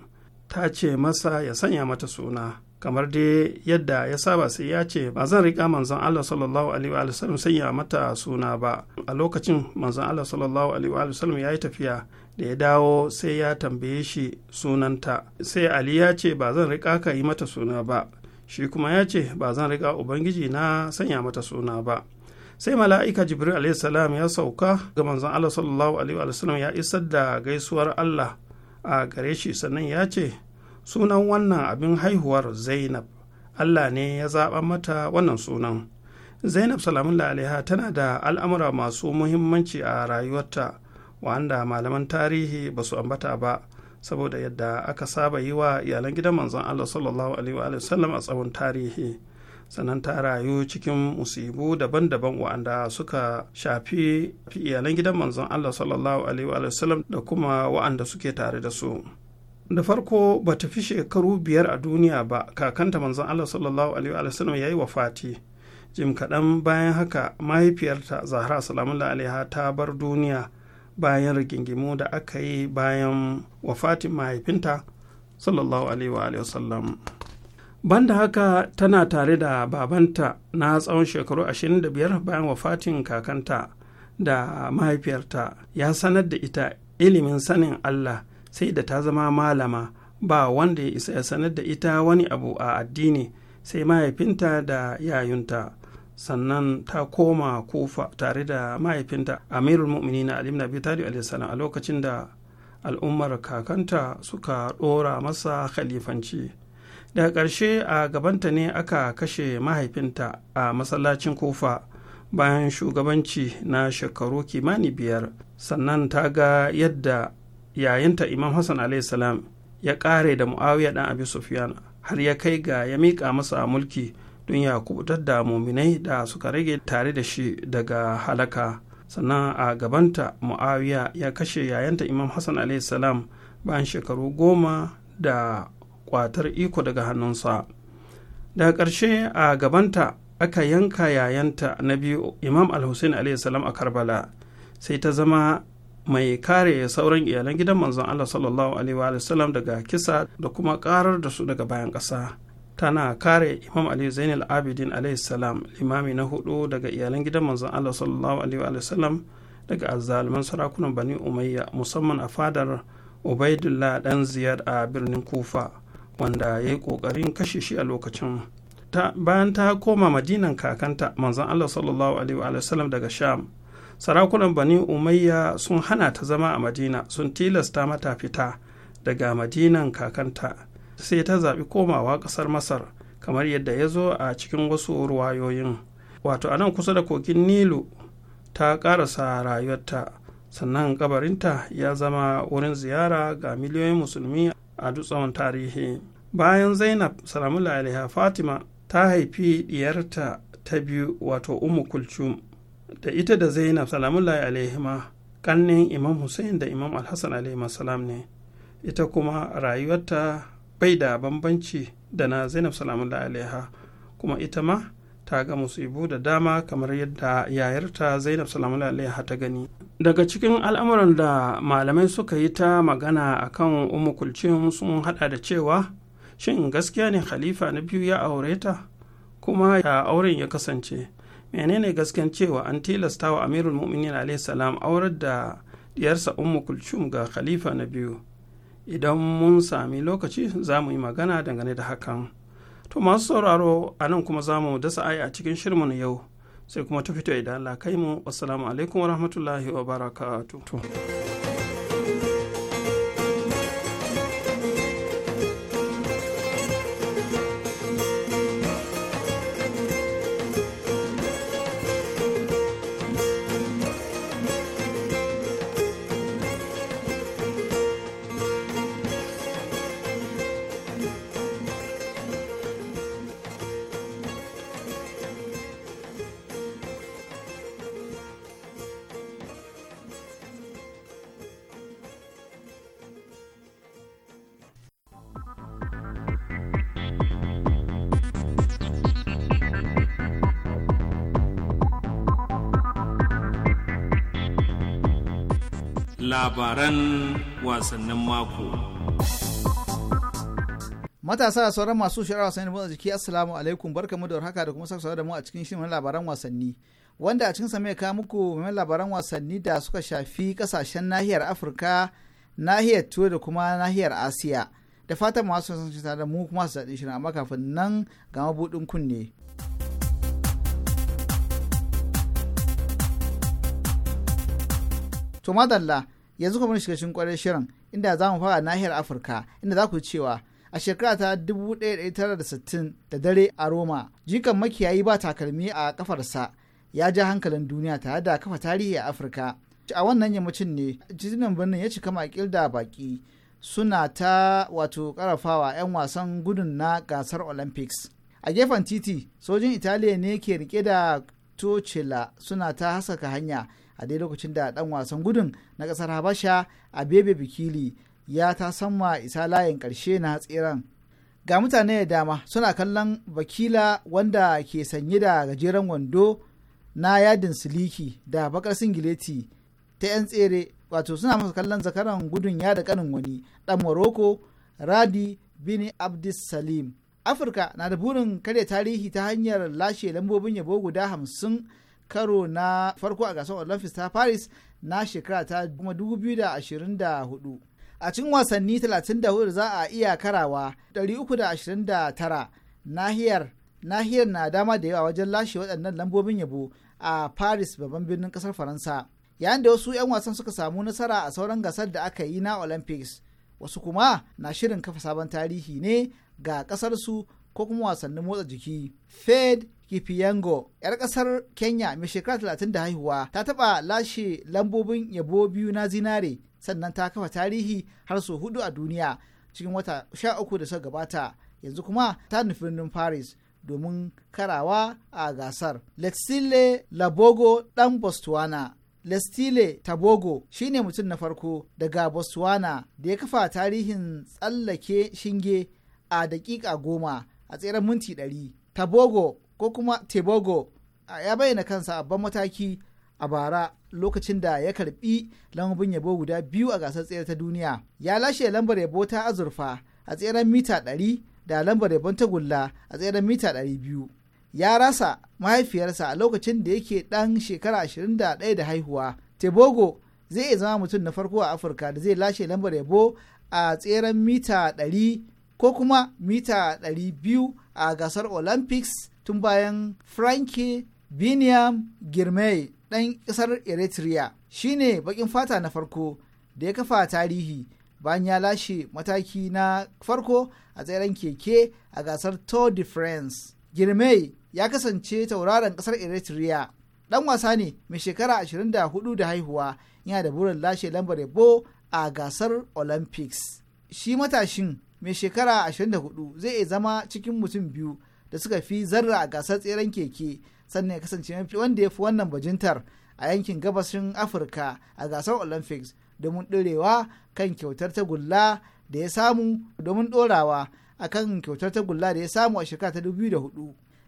[SPEAKER 8] ta ce masa ya sanya mata suna kamar dai yadda ya saba sai ya ce ba zan riƙa manzon Allah sallallahu alaihi wa sallam sanya mata suna ba a lokacin manzon Allah sallallahu alaihi wa sallam ya yi tafiya da ya dawo sai ya tambaye shi sunanta sai ali ya ce ba zan riƙa ka yi mata suna ba shi kuma ya ce ba zan riƙa ubangiji na sanya mata suna ba sai mala'ika jibril salam ya sauka ga manzon allah sallallahu alaihi sallam ya isar da gaisuwar allah a gare shi sannan ya ce sunan wannan abin haihuwar zainab allah ne ya zaɓa mata wannan sunan zainab Salamun alaiha tana da al'amura masu muhimmanci a rayuwarta wanda malaman tarihi ba su ambata ba saboda yadda aka saba yi wa iyalan gidan manzon Allah sallallahu alaihi wa sallam a tsawon tarihi sannan ta rayu cikin musibu daban-daban wa'anda suka shafi iyalan gidan manzon Allah sallallahu alaihi wa sallam da kuma wa'anda suke tare da su da farko ba ta fi shekaru biyar a duniya ba kakanta manzon Allah sallallahu alaihi wa sallam yayi wafati jim kaɗan bayan haka mahaifiyarta zahra salamun alaiha ta bar duniya bayan rigingimu da aka yi bayan wafatin mahaifinta sallallahu alaihi wa wasallam banda haka tana tare da babanta na tsawon shekaru 25 bayan wafatin kakanta da mahaifiyarta ya sanar da ita ilimin sanin Allah sai da ta zama malama ba wanda ya isa ya sanar da ita wani abu a addini sai mahaifinta da yayunta sannan ta koma kufa tare da mahaifinta amirul mu'minin na ibn abi talib a lokacin da al'ummar kakanta suka ɗora masa khalifanci daga ƙarshe a gabanta ne aka kashe mahaifinta a masallacin kufa bayan shugabanci na shekaru kimani biyar sannan ta ga yadda yayinta imam hassan salam ya ƙare da muawiya dan abi sufiyan. har ya kai ga ya miƙa masa mulki don ya kubutar da muminai da suka rage tare da shi daga halaka sannan a gabanta muawiya ya kashe yayanta imam hassan salam bayan shekaru goma da kwatar iko daga hannunsa Da ƙarshe a gabanta aka yanka yayanta na biyu imam al-hussein salam a karbala sai ta zama mai kare sauran iyalan gidan manzon allah sallallahu alaihi daga kisa da kuma karar da su daga bayan ƙasa tana kare imam ali zainal abidin alaihissalam limami na hudu daga iyalan gidan manzon allah sallallahu alaihi wa daga azzaluman sarakunan bani umayya musamman a fadar ubaidullah dan ziyad a birnin kufa wanda ya yi kokarin kashe shi a lokacin bayan ta koma madinan kakanta manzon allah sallallahu alaihi wa daga sham sarakunan bani umayya sun hana ta zama a madina sun tilasta mata fita daga madinan kakanta sai ta zaɓi komawa ƙasar masar kamar yadda ya zo a cikin wasu ruwayoyin wato a nan kusa da kogin nilu ta ƙarasa rayuwarta sannan kabarinta ya zama wurin ziyara ga miliyoyin musulmi a dutsen tarihi bayan zainab salamullah fatima ta haifi ɗiyarta ta biyu wato umu kulcum da ita da zainab salamullah alaihima kannin imam hussein da imam alhassan alaihi salam ne ita kuma rayuwarta bai da bambanci da na zainab salamullah alaiha kuma ita ma ta ga musibu da dama kamar yadda yayarta zainab salamullah alaiha ta gani daga cikin al'amuran da malamai suka yi ta magana a kan umukulcin sun hada da cewa shin gaskiya ne khalifa na biyu ya aure ta kuma ya auren ya kasance menene gasken cewa an tilasta wa amirul mu'minin salam aurar da diyarsa ummu kulcum ga khalifa na biyu idan mun sami lokaci za mu yi magana dangane da hakan to masu sauraro a nan kuma za mu dasa ai a cikin shirmu na yau sai kuma ta fito idan Allah kai mu assalamu alaikum wa rahmatullahi wa barakatuh
[SPEAKER 1] labaran wasannin mako.
[SPEAKER 9] Matasa a sauran masu shirar wasannin motsa jiki Assalamu alaikum barka da haka da kuma saka da mu a cikin shirin labaran wasanni. Wanda a cikin sa mai kawo muku mai labaran wasanni da suka shafi kasashen nahiyar Afirka, nahiyar Turai da kuma nahiyar Asiya. Da fatan masu sun ci da mu kuma su daɗin shirin amma kafin nan ga mabuɗin kunne. To madalla yanzu kuma shiga cikin kwarar shirin inda za mu fara nahiyar afirka inda za ku cewa a shekara ta 1960 da dare a roma jikan makiyayi ba takalmi a kafarsa ya ja hankalin duniya tare da kafa tarihi a afirka a wannan yammacin ne titunan birnin ya cika makil da baki suna ta wato karafawa 'yan wasan gudun na gasar olympics a gefen titi sojin italiya ne ke rike da tocila suna ta hasaka hanya a dai lokacin da dan wasan gudun na kasar habasha a bebe bikili ya ta sama isa layin karshe na tseren ga mutane da dama suna kallon bakila wanda ke sanye da gajeren wando na yadin siliki da bakar singileti ta 'yan tsere wato suna masa kallon zakaran gudun ya da kanin wani dan morocco radi bini abdis salim afirka na da burin karya tarihi ta hanyar lashe lambobin yabo guda hamsin karo na farko a gasar olympics ta paris na shekara ta 2024 a cikin wasanni 34 za a iya karawa 329 nahiyar nahiyar na dama da yawa wajen lashe waɗannan lambobin yabo a paris babban birnin ƙasar faransa yayin da wasu 'yan wasan suka samu nasara a sauran gasar da aka yi na olympics wasu kuma na shirin kafa sabon tarihi ne ga ƙasarsu ko kuma wasannin motsa jiki fed Kipiyango, 'yar ƙasar Kenya mai shekara talatin da haihuwa, ta taɓa lashe lambobin yabo biyu na zinare, sannan ta kafa tarihi har sau hudu a duniya cikin wata sha uku da suka gabata. Yanzu kuma ta nufi birnin Paris domin karawa a gasar. Letsile Labogo ɗan Botswana. Lestile Tabogo ne mutum na farko daga Botswana da ya kafa tarihin tsallake shinge a daƙiƙa goma a tseren minti ɗari. Tabogo ko kuma Tebogo ya bayyana kansa a ban mataki a bara lokacin da ya karbi lambun yabo guda biyu a gasar tsere ta duniya. Ya lashe lambar yabo ta azurfa a tseren mita ɗari da lambar yabon tagulla a tseren mita biyu. Ya rasa mahaifiyarsa a lokacin da yake ɗan shekara 21 da da haihuwa. Tebogo zai iya zama mutum na farko a Afirka da zai lashe lambar yabo a tseren mita 100 ko kuma mita 200 a gasar Olympics tun bayan Franke, Biniam Girmay ɗan ƙasar Eritrea shi ne baƙin fata na farko da ya kafa tarihi bayan ya lashe mataki na farko a tseren keke a gasar Tour de France. Girmay ya kasance tauraron ƙasar Eritrea Ɗan wasa ne mai shekara 24 da haihuwa yana da burin lashe lambar yabo a gasar olympics shi matashin mai shekara 24 zai iya zama cikin mutum biyu da suka fi zarra a gasar tseren keke sannan ya kasance mafi wanda ya fi wannan bajintar a yankin gabashin afirka a gasar olympics domin ɗorewa kan kyautar tagulla da ya samu domin ɗorawa a kan kyautar tagulla da ya samu a shekara ta 2004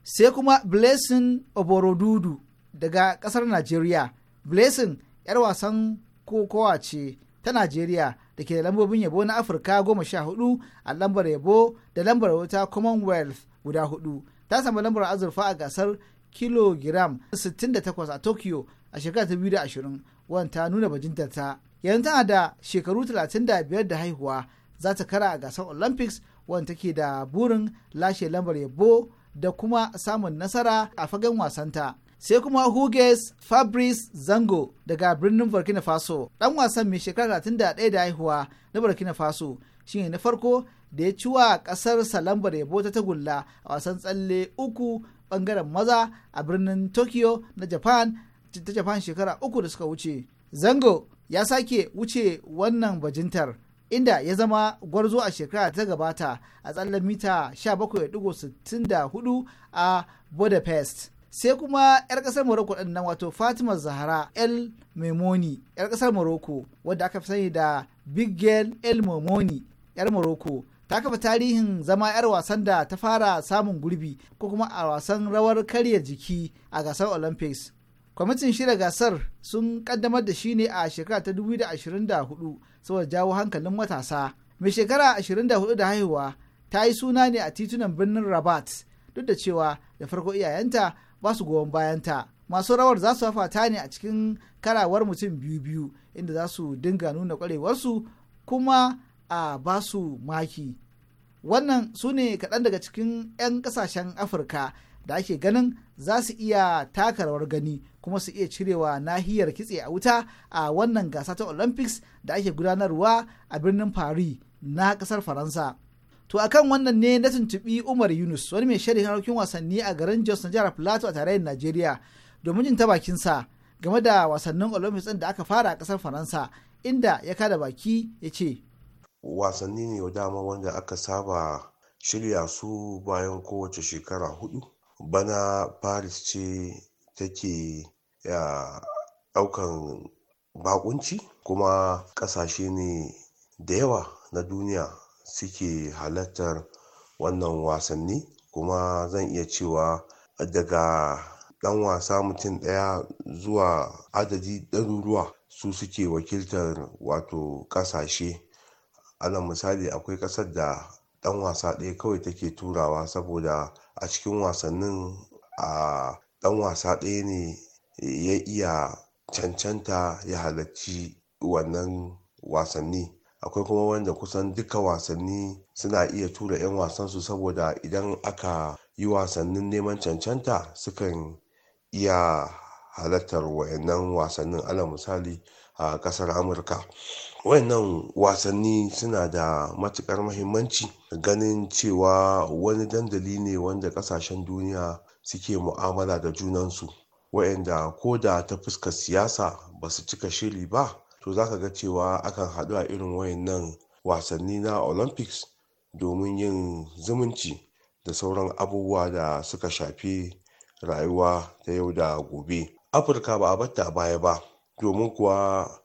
[SPEAKER 9] sai kuma blessing oborodudu daga ƙasar nigeria blessing yar wasan kokowa ce ta nigeria da ke da lambobin yabo na afirka goma sha hudu a lambar yabo da lambar wuta commonwealth guda hudu ta samu lambar azurfa a gasar kilogiram 68 a tokyo a shekara ta 2020 wanda ta nuna bajinta ta yanzu tana da shekaru 35 da haihuwa za ta kara a gasar olympics wanda take da burin lashe lambar yabo da kuma samun nasara a fagen wasanta sai kuma hughes fabrice zango daga birnin burkina faso dan wasan mai shekara 31 da haihuwa na burkina faso shine na farko da ya ci wa ƙasarsa lambar yabo ta tagulla a wasan tsalle uku bangaren maza a birnin tokyo na japan ta japan shekara uku da suka wuce zango ya sake wuce wannan bajintar inda ya zama gwarzo a shekara ta gabata a tsallen mita 17.64 a budapest sai kuma 'yar kasar morocco din nan wato fatima zahara el memoni 'yar kasar morocco wadda aka fi sani da big girl el memoni 'yar morocco ta kafa tarihin zama 'yar wasan da ta fara samun gurbi ko kuma a wasan rawar karya jiki a gasar olympics kwamitin shirya gasar sun kaddamar da shi ne a shekara ta 2024 saboda jawo hankalin matasa mai shekara 24 da haihuwa ta yi suna ne a titunan birnin rabat duk da cewa da farko iyayenta ba su goyon bayanta masu rawar za su fafata ne a cikin karawar mutum biyu biyu inda za su dinga nuna kwarewarsu kuma a basu maki wannan su ne kaɗan daga cikin 'yan ƙasashen afirka da ake ganin za su iya taka rawar gani kuma su iya cirewa nahiyar kitse a wuta a wannan gasa ta olympics da ake gudanarwa a birnin paris na ƙasar faransa to akan wannan ne na tuntuɓi umar yunus wani mai sharhin harkokin wasanni a garin jos na jihar plateau a tarayyar nigeria domin jin ta bakinsa game da wasannin olympics ɗin da aka fara a ƙasar faransa inda ya kada baki ya ce
[SPEAKER 10] wasanni ne dama wanda aka saba shirya su bayan kowace shekara hudu bana paris ce take ya daukan bakunci kuma kasashe ne da yawa na duniya suke halartar wannan wasanni kuma zan iya cewa daga dan wasa mutum daya zuwa adadi ɗaruruwa su suke wakiltar wato kasashe alal misali akwai ƙasar da ɗan wasa ɗaya kawai take turawa saboda a cikin wasannin a ɗan wasa ɗaya ne ya iya cancanta ya halarci wannan wasanni akwai kuma wanda kusan duka wasanni suna iya tura 'yan wasansu saboda idan aka yi wasannin neman cancanta sukan iya halartar wayannan wasannin alal misali a ƙasar amurka wayannan wasanni suna da matukar mahimmanci ganin cewa wani dandali ne wanda kasashen duniya suke mu'amala da junansu wayanda ko da ta fuskar siyasa ba su cika shiri ba to za ka ga cewa akan haɗu a irin wayannan wasanni na olympics domin yin zumunci da sauran abubuwa da suka shafi rayuwa ta yau da gobe afirka ba a batta baya ba domin kuwa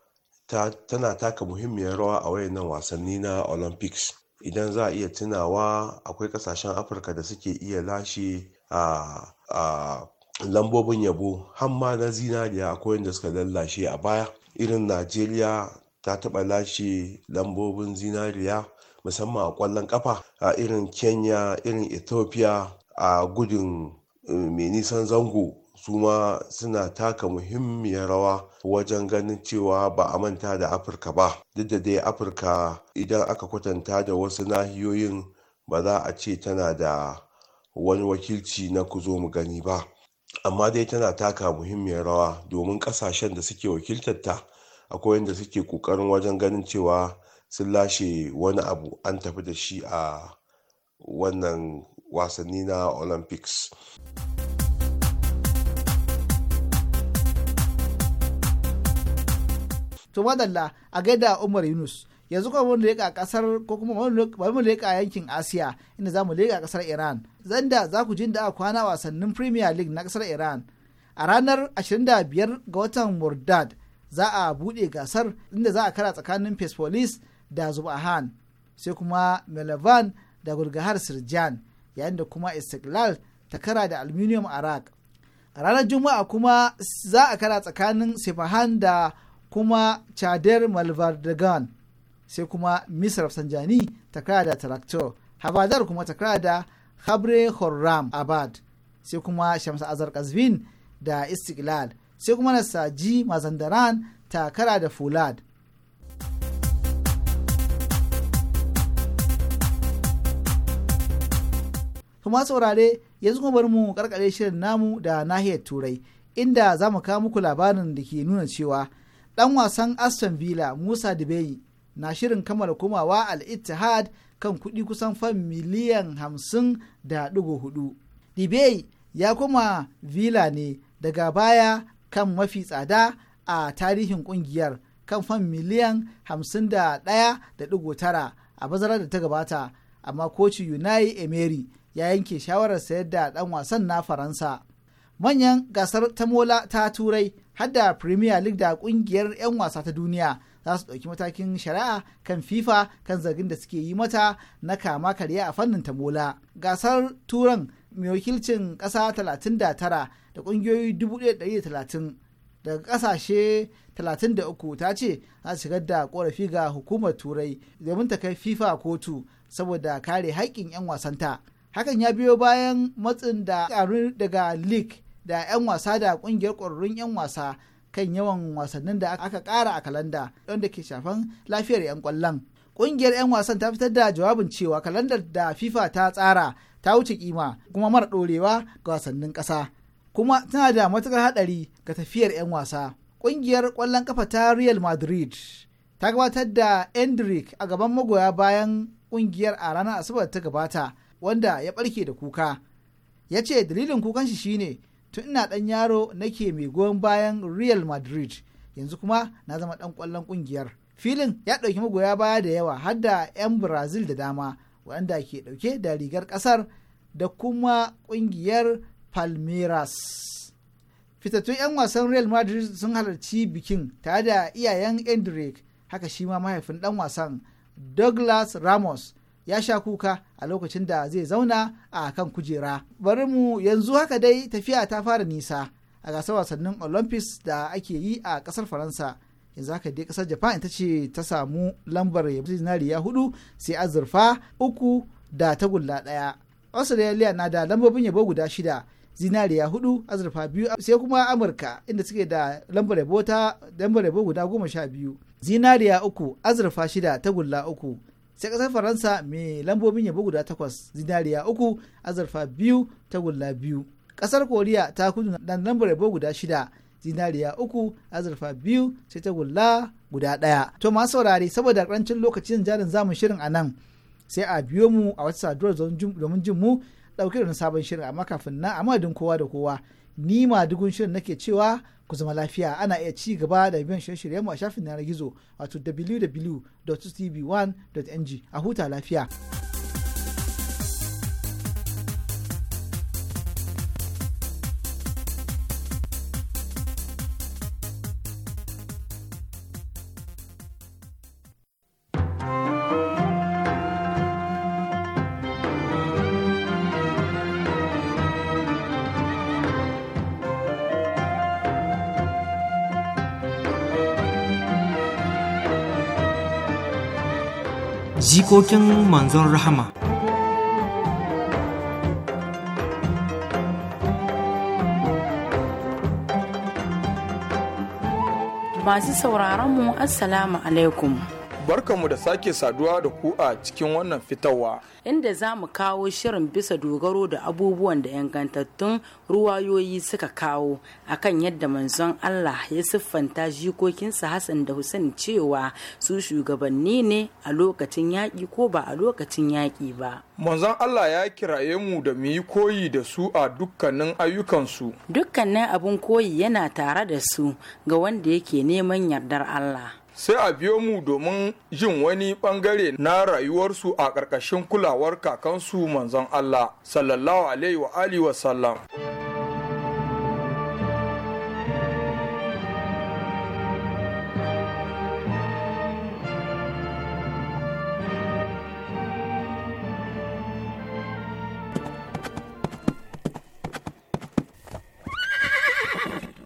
[SPEAKER 10] tana taka muhimmiyar rawa a wayannan wasanni na olympics idan za a iya tunawa akwai kasashen afirka da suke iya lashe a lambobin yabo hamma na zinariya akwai wanda suka lallashe a baya irin najeriya ta taɓa lashe lambobin zinariya musamman a ƙwallon ƙafa a irin kenya irin ethiopia a gudun eh, mai nisan zango su suna taka muhimmiyar rawa wajen ganin cewa ba a manta da afirka ba duk da dai afirka idan aka kwatanta da wasu nahiyoyin ba za a ce tana da wani wakilci na ku zo mu gani ba amma dai tana taka muhimmiyar rawa domin kasashen da suke wakiltarta akwai wanda suke kokarin wajen ganin cewa sun lashe wani abu an tafi da shi a wannan wasanni na olympics
[SPEAKER 9] to madalla a gaida umar yunus yanzu kuma mun leƙa kasar ko kuma wani mu leƙa yankin asiya inda za mu leƙa kasar iran zanda za ku jin da a kwana wasannin premier league na kasar iran a ranar 25 ga watan murdad za a buɗe gasar inda za a kara tsakanin fesfolis da zubahan sai kuma melavan da gurgahar sirjan yayin da kuma istiklal ta kara da aluminium arak a ranar juma'a kuma za a kara tsakanin sefahan da kuma chader malvardagan sai kuma misr Sanjani ta kara da tractor habadar kuma ta kara da habre horram abad sai kuma shamsa azar kazvin da istiklal sai kuma nasaji mazandaran ta kara da fulad kuma saurare yanzu kuma bari mu karkare shirin namu da nahiyar turai inda za mu kawo muku labarin da ke nuna cewa Dan wasan aston villa musa dibeyi na shirin kammala komawa al-ittihad kan kuɗi kusan fan miliyan hamsin da ɗigo hudu dibeyi ya koma villa ne daga baya kan mafi tsada a tarihin ƙungiyar kan fan miliyan hamsin da ɗaya da ɗigo tara a bazarar da ta gabata amma koci unai emery ya yanke shawarar sayar da ɗan wasan na faransa manyan gasar ta mola ta turai har da premier league da kungiyar 'yan wasa ta duniya za su ɗauki matakin shari'a kan fifa kan zargin da suke yi mata na kama karya a fannin ta mola gasar turan mai wakilcin ƙasa 39 da ƙungiyoyi 130 daga ƙasashe 33 ta ce za su shigar da ƙorafi ga hukumar turai domin ta kai fifa kotu saboda kare haƙƙin 'yan wasanta hakan ya biyo bayan matsin da daga league da 'yan wasa da ƙungiyar ƙwararrun 'yan wasa kan yawan wasannin da aka ƙara a kalanda don da ke shafan lafiyar 'yan ƙwallon. Ƙungiyar 'yan wasan ta fitar da jawabin cewa kalandar da FIFA ta tsara ta wuce kima kuma mara ɗorewa ga wasannin ƙasa. Kuma tana da matuƙar haɗari ga tafiyar 'yan wasa. Ƙungiyar ƙwallon ƙafa ta Real Madrid ta gabatar da Endrick a gaban magoya bayan ƙungiyar a ranar Asabar ta gabata wanda ya ɓarke da kuka. Ya ce dalilin kukan shi shine tun ina ɗan yaro nake mai goyon bayan real madrid yanzu kuma na zama ɗan ƙwallon ƙungiyar filin ya ɗauki magoya baya da yawa har da 'yan brazil da dama waɗanda ke ɗauke da rigar ƙasar da kuma ƙungiyar palmeiras fitattun 'yan wasan real madrid sun halarci bikin tare da iyayen endrick haka shi ma mahaifin ɗan wasan douglas ramos ya sha kuka a lokacin da zai zauna a kan kujera bari mu yanzu haka dai tafiya ta fara nisa a gasar wasannin olympics da ake yi a kasar faransa yanzu haka dai kasar japan ita ce ta samu lambar zinariya hudu sai azurfa uku da tagulla daya australia na da lambobin yabo guda shida zinariya hudu azurfa biyu sai kuma amurka inda suke da lambar yabo ta lambar yabo guda goma sha biyu zinariya uku azurfa shida tagulla uku sai kasar faransa mai lambobin yabo guda takwas zinariya uku azurfa biyu tagulla biyu kasar koriya ta kudu dan lambar yabo guda shida zinariya uku azurfa biyu sai tagulla guda ɗaya to masu saurari saboda karancin lokacin jarin zamu shirin a nan sai a biyo mu a wata saduwar domin jin mu ɗauke da sabon shirin amma kafin nan a madadin kowa da kowa ni ma dugun shirin nake cewa ku zama lafiya ana iya ci gaba da biyan shirye-shiryen mu a shafin yanar gizo wato www.tv1.ng a huta lafiya.
[SPEAKER 2] kokin manzon rahama
[SPEAKER 11] Masu sauraron mu Assalamu alaikum.
[SPEAKER 12] barkanmu da sake saduwa da ku a cikin wannan fitawa.
[SPEAKER 11] Inda za mu kawo shirin bisa dogaro da abubuwan da ingantattun ruwayoyi suka kawo akan yadda manzon Allah ya siffanta jikokinsa Hassan da Hussein cewa su shugabanni ne a lokacin yaƙi ko ba a lokacin yaƙi ba.
[SPEAKER 12] Manzon Allah ya kiraye mu da mu yi koyi da su a dukkanin ayyukansu. Dukkanin
[SPEAKER 11] abin koyi yana tare da su ga wanda yake neman yardar Allah.
[SPEAKER 12] sai a biyo mu domin jin wani bangare na rayuwarsu a ƙarƙashin kulawar kakansu manzon Allah sallallahu alaihi wa alihi wa sallam.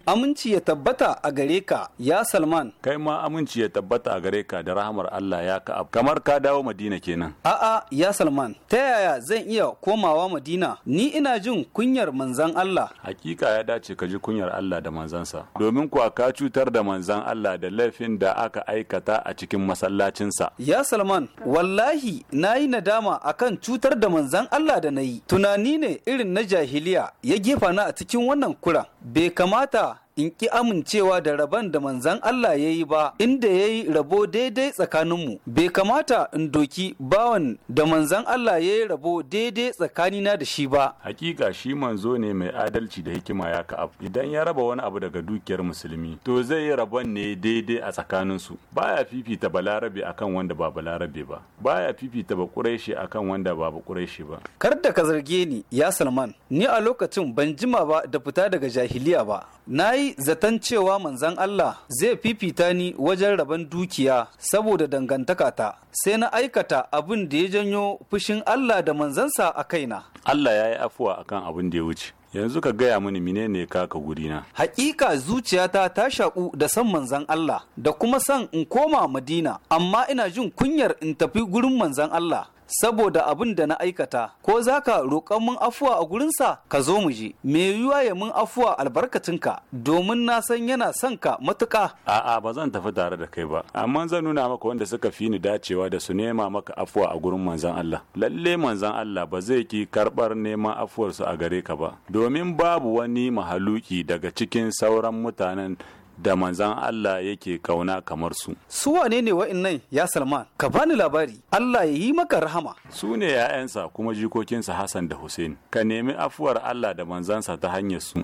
[SPEAKER 13] aminci ya tabbata a gare ka ya Salman. Kai ma aminci ya tabbata a gare ka da rahamar Allah ya ka Kamar ka dawo Madina kenan. A'a
[SPEAKER 3] ya Salman, ta yaya zan iya komawa Madina? Ni ina jin kunyar manzan Allah.
[SPEAKER 13] Hakika ya dace ka ji kunyar Allah da manzansa. Domin kuwa ka cutar da manzan Allah da laifin da aka aikata a cikin masallacinsa. Ya
[SPEAKER 3] Salman, wallahi na yi nadama akan cutar da manzan Allah da na yi. Tunani ne irin na jahiliya ya gefa na a cikin wannan kuran. bai kamata in ki amincewa da rabon da manzan Allah ya yi ba inda ya yi rabo daidai tsakaninmu bai kamata in doki bawan
[SPEAKER 13] da manzan Allah ya yi rabo daidai tsakanina da shi ba hakika shi manzo ne mai adalci da hikima ya abu. idan ya raba wani abu daga dukiyar musulmi to zai yi rabon ne daidai a tsakaninsu baya fifita balarabe akan wanda ba balarabe ba baya fifita ba kureshi akan wanda ba ba kureshi ba kar da ka
[SPEAKER 3] zarge ni ya Salman ni a lokacin ban jima ba da fita daga jahiliya ba na yi yi zaton cewa manzan Allah zai fifita ni wajen rabon dukiya saboda dangantakata, sai na aikata abin da ya janyo fushin Allah da manzansa a kaina.
[SPEAKER 13] Allah ya yi afuwa akan abin da ya wuce. yanzu ka gaya mini ne ka ka gurina
[SPEAKER 3] hakika zuciyata ta shaƙu da son manzan Allah da kuma san in koma Madina amma ina jin kunyar in tafi gurin manzan Allah saboda abin da na aikata ko za ka roƙon mun afuwa a gurinsa ka zo mu je me yiwuwa ya mun afuwa albarkacinka domin na san yana son ka
[SPEAKER 13] matuƙa a'a ba zan tafi tare da kai ba amma zan nuna maka wanda suka fi ni dacewa da su nema maka afuwa a gurin manzon Allah lalle manzon Allah ba zai ki karɓar neman afuwarsu a gare ka ba domin babu wani mahaluki daga cikin sauran mutanen da manzan Allah yake kauna kamar su. Su wane ne wa'innan ya Salman? Ka bani labari, Allah ya yi maka rahama. Su ne ‘ya'yansa kuma jikokinsa Hassan da Hussein, ka nemi afuwar Allah da manzansa ta hanyar su.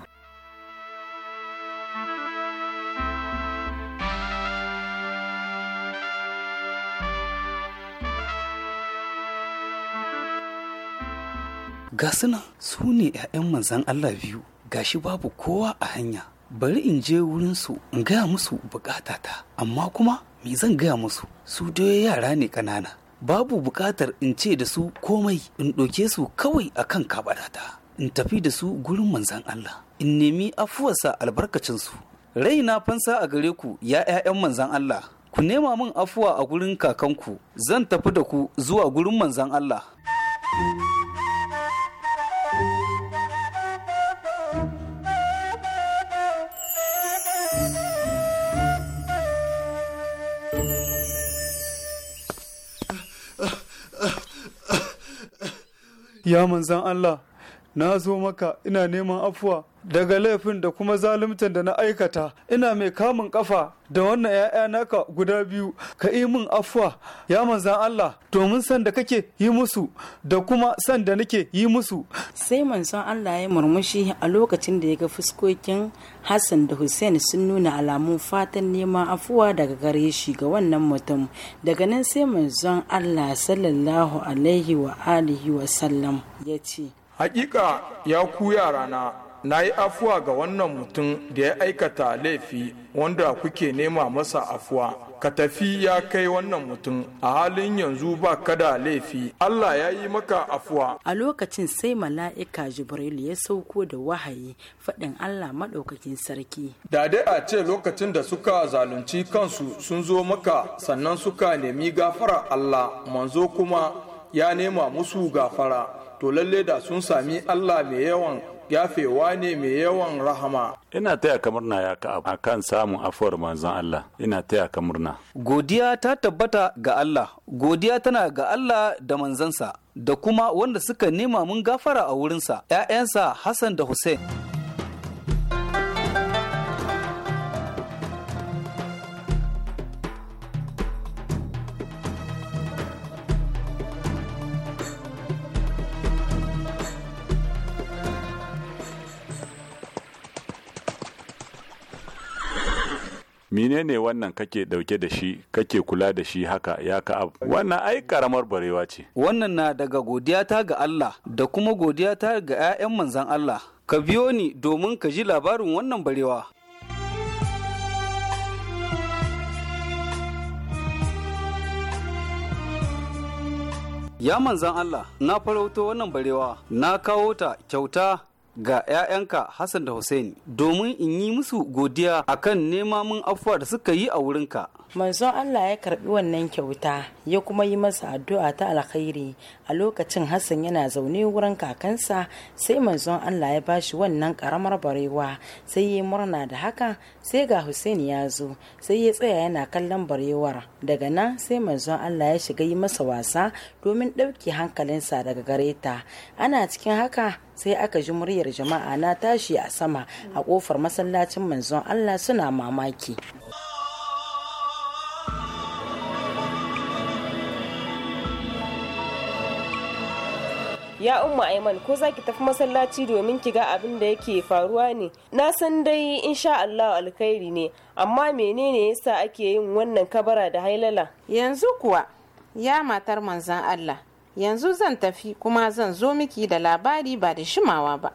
[SPEAKER 3] Gasuna su ne ‘ya'yan manzan Allah biyu, gashi babu kowa a hanya. bari in je wurinsu in gaya musu bukatata amma kuma me zan gaya musu su dai yara ne ƙanana babu bukatar in ce da su komai in ɗauke su kawai akan kaɓadata, in tafi da su gurin manzan Allah in nemi afuwarsa albarkacin su raina fansa a gare ku ya 'ya'yan manzan Allah ku nema min afuwa a gurin kakanku zan tafi da ku zuwa gurin manzan Allah ya manzan Allah na zo maka ina neman afuwa daga laifin da kuma zaluntar da na aikata ina mai kamun kafa da wannan ‘ya'ya naka guda biyu ka yi min afuwa ya manzan Allah domin san da kake yi
[SPEAKER 11] musu da kuma san da nake yi musu sai manzon Allah ya murmushi a lokacin da ya ga fuskokin Hassan da Hussein sun nuna alamun fatan neman afuwa daga gare shi ga wannan mutum daga nan sai manzon Allah sallallahu alaihi wa alihi wa sallam
[SPEAKER 12] ya ce hakika ya ku yarana na yi afuwa ga wannan mutum da ya aikata laifi wanda kuke nema masa afuwa ka tafi ya kai wannan mutum a halin yanzu ba kada laifi Allah ya yi maka afuwa
[SPEAKER 11] a lokacin sai mala'ika jibril ya sauko da wahayi faɗin Allah maɗaukakin sarki
[SPEAKER 12] da dai a ce lokacin da suka zalunci kansu sun zo maka sannan suka nemi gafara Allah manzo kuma ya nema musu gafara to lalle da sun sami Allah mai yawan yafewa ne
[SPEAKER 13] mai yawan rahama. Ina taya ka murna ya ka a kan samun afuwar manzon Allah. Ina taya ka murna.
[SPEAKER 3] Godiya ta tabbata ga Allah. Godiya tana ga Allah da manzansa da kuma wanda suka nema mun gafara a wurinsa, ‘ya'yansa Hassan da Hussein.
[SPEAKER 13] menene wannan kake dauke da shi kake kula da shi haka ya ka'ab wannan ai karamar barewa ce wannan
[SPEAKER 3] na daga godiyata ga Allah da kuma godiyata ga 'ya'yan manzan Allah ka biyo ni domin ka ji labarin wannan barewa Ya manzan Allah, na farauto wannan barewa, na kawo ta kyauta ga 'ya'yanka Hassan da Hussein domin in yi musu godiya akan nema min afuwa da suka yi a wurinka.
[SPEAKER 11] manzon Allah ya karbi wannan kyauta ya kuma yi masa addu'a ta alkhairi a lokacin Hassan yana zaune wurin kakansa sai manzon Allah ya bashi wannan karamar barewa sai ya murna da haka sai ga Hussein ya zo sai ya tsaya yana kallon barewar daga nan sai manzon Allah ya shiga yi masa wasa domin ɗauke hankalinsa daga gareta ana cikin haka sai aka ji muryar jama'a na tashi a sama a kofar masallacin manzon Allah suna mamaki.
[SPEAKER 14] ya umma aiman ko za ki tafi masallaci domin ki ga abin da yake faruwa ne na san dai insha Allah alkhairi ne amma menene yasa ake yin wannan kabara da hailala yanzu kuwa ya matar manzan Allah yanzu zan tafi kuma zan zo miki da labari ba da shimawa ba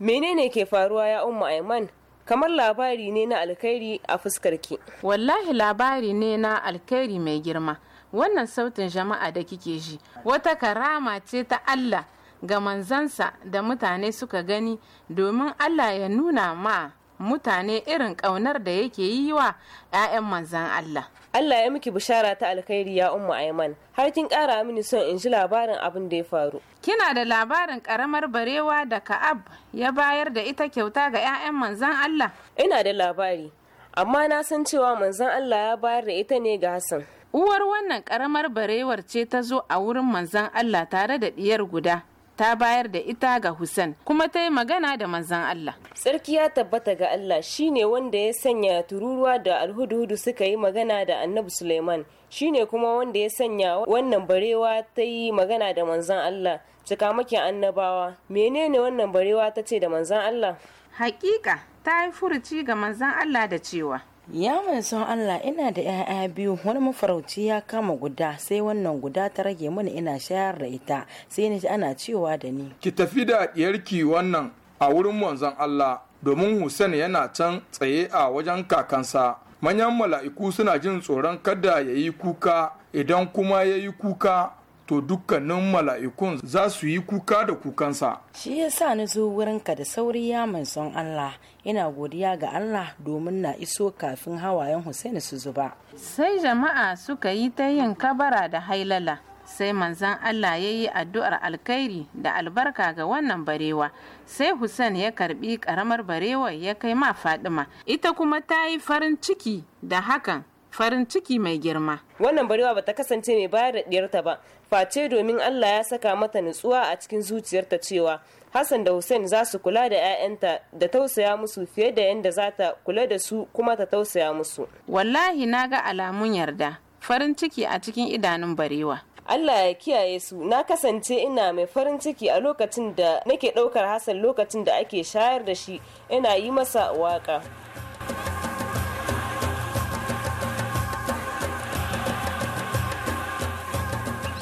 [SPEAKER 14] menene ke faruwa ya umma aiman kamar labari ne na alkhairi a fuskar ki wallahi labari ne na alkhairi mai girma wannan sautin jama'a da kike ji wata karama ce ta Allah ga manzansa da mutane suka gani domin Allah ya nuna ma mutane irin ƙaunar da yake yi wa 'ya'yan manzan Allah. Allah ya miki bishara ta alkhairi ya umma Ayman. Har kin ƙara mini son in ji labarin abin da ya faru. Kina da labarin karamar barewa da Ka'ab ya bayar da ita kyauta ga 'ya'yan manzan Allah? Ina da labari, amma na san cewa manzan Allah ya bayar da ita ne ga Hassan. Uwar wannan ƙaramar barewar ce ta zo a wurin manzan Allah tare da ɗiyar guda. ta bayar da ita ga Hussein kuma ta yi magana da manzan Allah. Sarki ya tabbata ga Allah shine wanda ya sanya tururuwa da alhudu suka yi magana da Annabi Suleiman shine kuma wanda ya sanya wannan barewa ta yi magana da manzan Allah cikamakin annabawa menene wannan barewa ta ce da manzan Allah? Hakika
[SPEAKER 11] ta yi furuci ga manzan Allah da cewa ya son Allah ina da 'ya'ya biyu wani mafarauci ya kama guda sai wannan guda ta rage mana ina shayar da ita sai ni ana cewa da ni
[SPEAKER 12] ki tafi da diyarki wannan a wurin manzon Allah domin Hussein yana can tsaye a wajen kakansa manyan mala'iku suna jin tsoron kada ya yi kuka idan kuma ya yi kuka to dukkanin mala'ikun za su yi kuka da kukansa.
[SPEAKER 11] Shi ya sa ni zo wurinka da sauri ya son Allah ina godiya ga Allah domin na iso kafin hawayen Hussein su zuba. Sai
[SPEAKER 14] jama'a suka yi ta yin kabara da hailala. Sai manzan Allah ya yi addu'ar alkhairi da albarka ga wannan barewa. Sai Hussein ya karbi karamar barewar ya kai ma Fadima. Ita kuma ta yi farin ciki da hakan farin ciki mai girma. Wannan barewa ba ta kasance mai bayar da ɗiyarta ba, face domin Allah ya saka mata nutsuwa a cikin zuciyarta cewa Hassan da Hussein za su kula da 'ya'yanta da tausaya musu fiye da yadda za ta kula da su kuma ta tausaya musu. Wallahi na ga alamun yarda, farin ciki a cikin idanun barewa. Allah ya kiyaye su na kasance ina mai farin ciki a lokacin da nake ɗaukar Hassan lokacin da ake shayar da shi ina yi masa waƙa.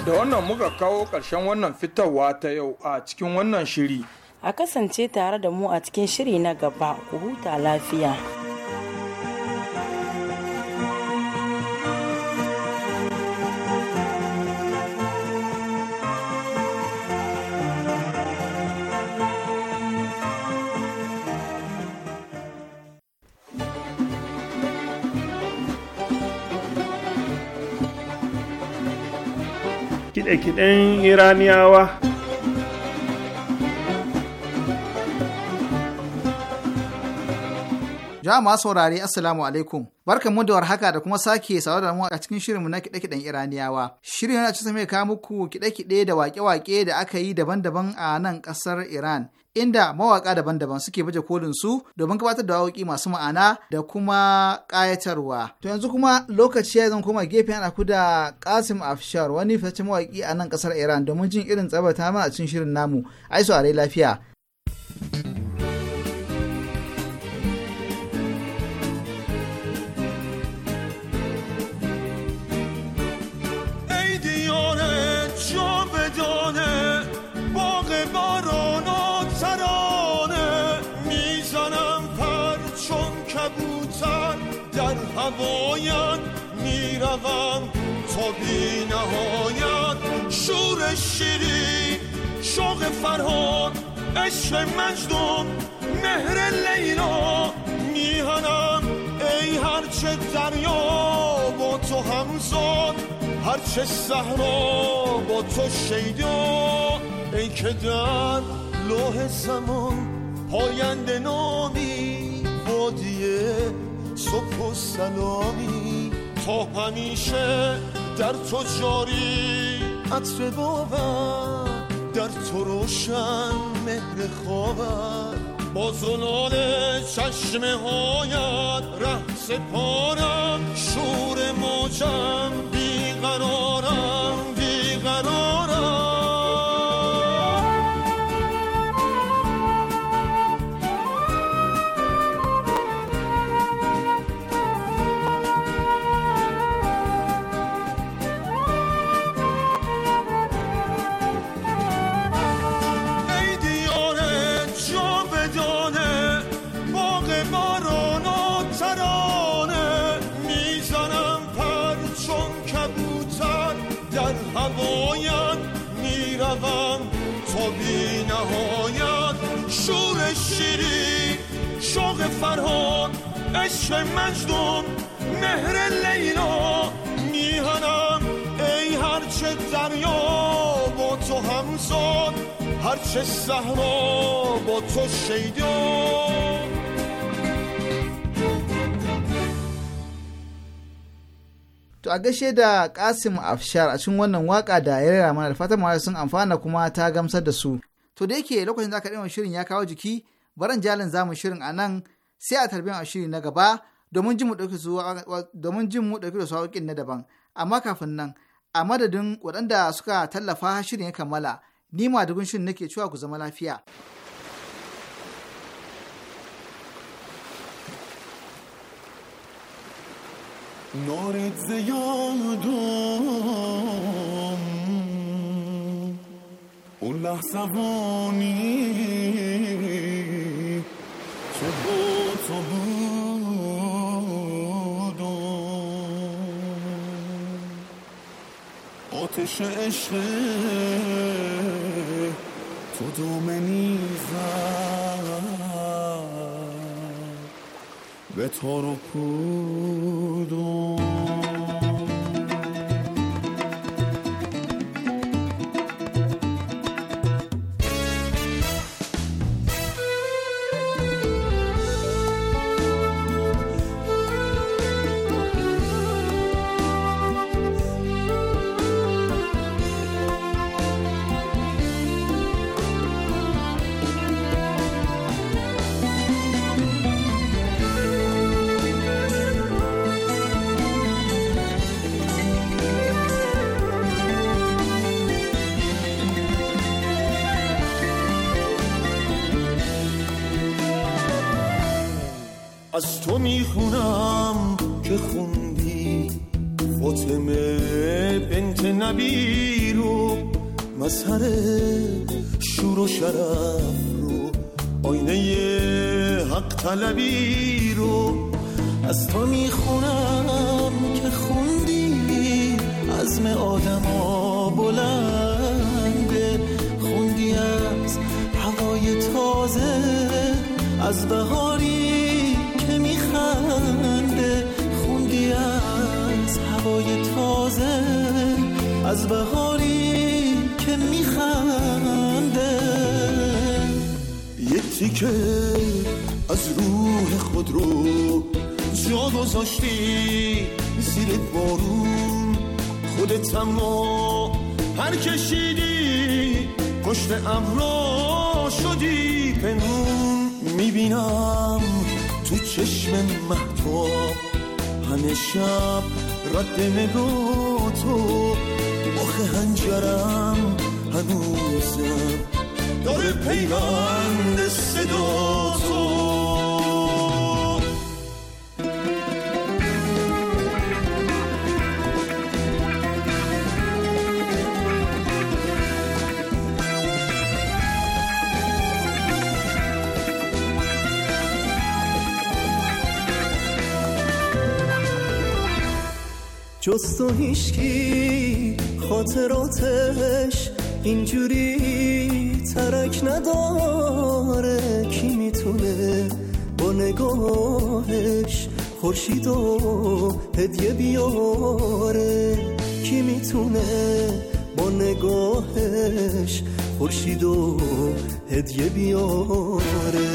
[SPEAKER 12] da wannan muka kawo ƙarshen wannan fitarwa ta yau a cikin wannan shiri a
[SPEAKER 11] kasance tare da mu a cikin shiri na gaba ku huta lafiya
[SPEAKER 8] kiɗe iraniyawa
[SPEAKER 9] Jama'a saurare Assalamu alaikum. Barkan mu da warhaka da kuma sake saurare da mu a cikin shirinmu na kiɗe-kiɗen Iraniyawa. Shirin yana cikin mai kawo muku kiɗe-kiɗe da wake-wake da aka yi daban-daban a nan kasar Iran. Inda mawaka daban-daban suke baje kolin su domin gabatar da waƙoƙi masu ma'ana da kuma ƙayatarwa. To yanzu kuma lokaci ya zan koma gefe ana ku da Kasim Afshar wani fitaccen mawaki a nan ƙasar Iran domin jin irin tsabata ma a cikin shirin namu. Ai saurare lafiya.
[SPEAKER 15] بروم تا بی نهایت شور شیری شوق فرهاد عشق مجنون مهر لیلا میهنم ای هرچه دریا با تو همزاد هرچه صحرا با تو شیدا ای که در لوح زمان پاینده نامی وادی صبح و سلامی تا همیشه در تو جاری عطر باور در تو روشن مهر خواهد با زلال چشمه هایت ره سپارم شور موجم بیقرارم بیقرارم فرهاد عشق مجنون مهر لیلا میهنم ای هرچه دریا با تو همزاد هرچه صحرا با تو شیدان
[SPEAKER 9] To a gaishe da Kasim Afshar a cikin wannan waka da ya rera mana da fatan mawaya sun amfana kuma ta gamsar da su. To da yake lokacin zaka aka ɗaya shirin ya kawo jiki, baran jalin zamu shirin a nan sai a tarbiyyar shiri na gaba domin jin mu ɗauki da su na daban amma kafin nan a madadin waɗanda suka tallafa shirin ya kammala ni ma dugun shirin nake cewa ku zama lafiya.
[SPEAKER 15] Ulah sabuni آتش عشق تو دومنی زد به تو رو کدوم از تو میخونم که خوندی فاطمه بنت نبی رو مظهر شور و شرف رو آینه حق طلبی رو از تو میخونم که خوندی عزم ها بلنده خوندی از هوای تازه از بهاری خنده خوندی از هوای تازه از بهاری که میخنده یه تیکه از روح خود رو جا گذاشتی زیر بارون خودت هم هر کشیدی پشت امرو شدی پنون میبینم چشم محتاب همه شب رد نگو تو مخ هنجرم هنوزم داره پیوند صدا تو
[SPEAKER 4] جست و هیشکی خاطراتش اینجوری ترک نداره کی میتونه با نگاهش خورشید و هدیه بیاره کی میتونه با نگاهش خورشید و هدیه بیاره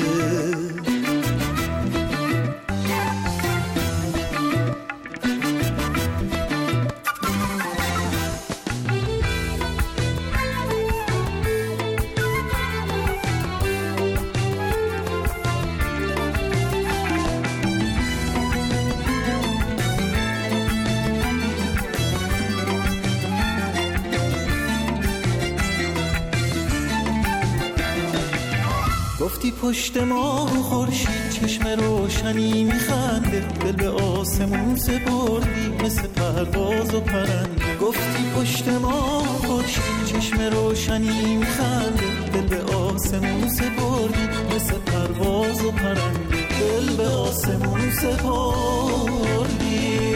[SPEAKER 6] پشت ما خورشید چشم
[SPEAKER 15] روشنی میخنده دل به آسمون سپردی مثل پرواز و پرنده گفتی پشت ما خورشید چشم روشنی میخنده دل به آسمون سپردی مثل پرواز و پرنده دل به آسمون سپردی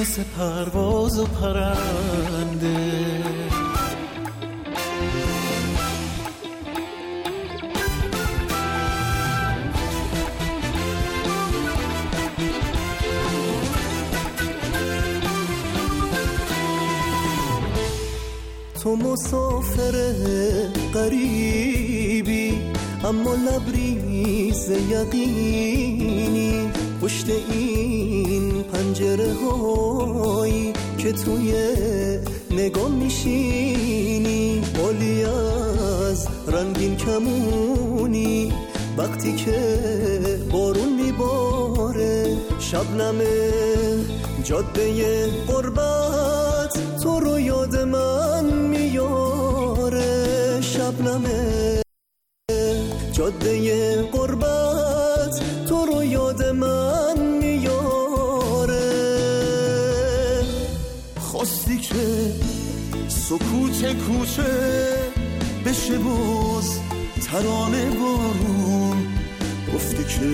[SPEAKER 15] مثل پرواز
[SPEAKER 4] و پرنده تو مسافر قریبی اما لبریز یقینی پشت این پنجره هایی که توی نگاه میشینی بالی از رنگین کمونی وقتی که بارون میباره شبنم جاده قربان جاده قربت تو رو یاد من میاره
[SPEAKER 15] خواستی که سکوت کوچه بشه باز ترانه بارون گفتی که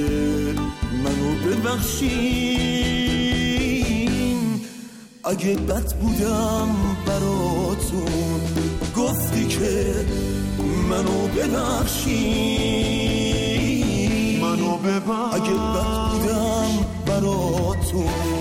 [SPEAKER 15] منو ببخشین اگه بد بودم براتون گفتی که منو ببخشی منو ببخش اگه بد بودم برا تو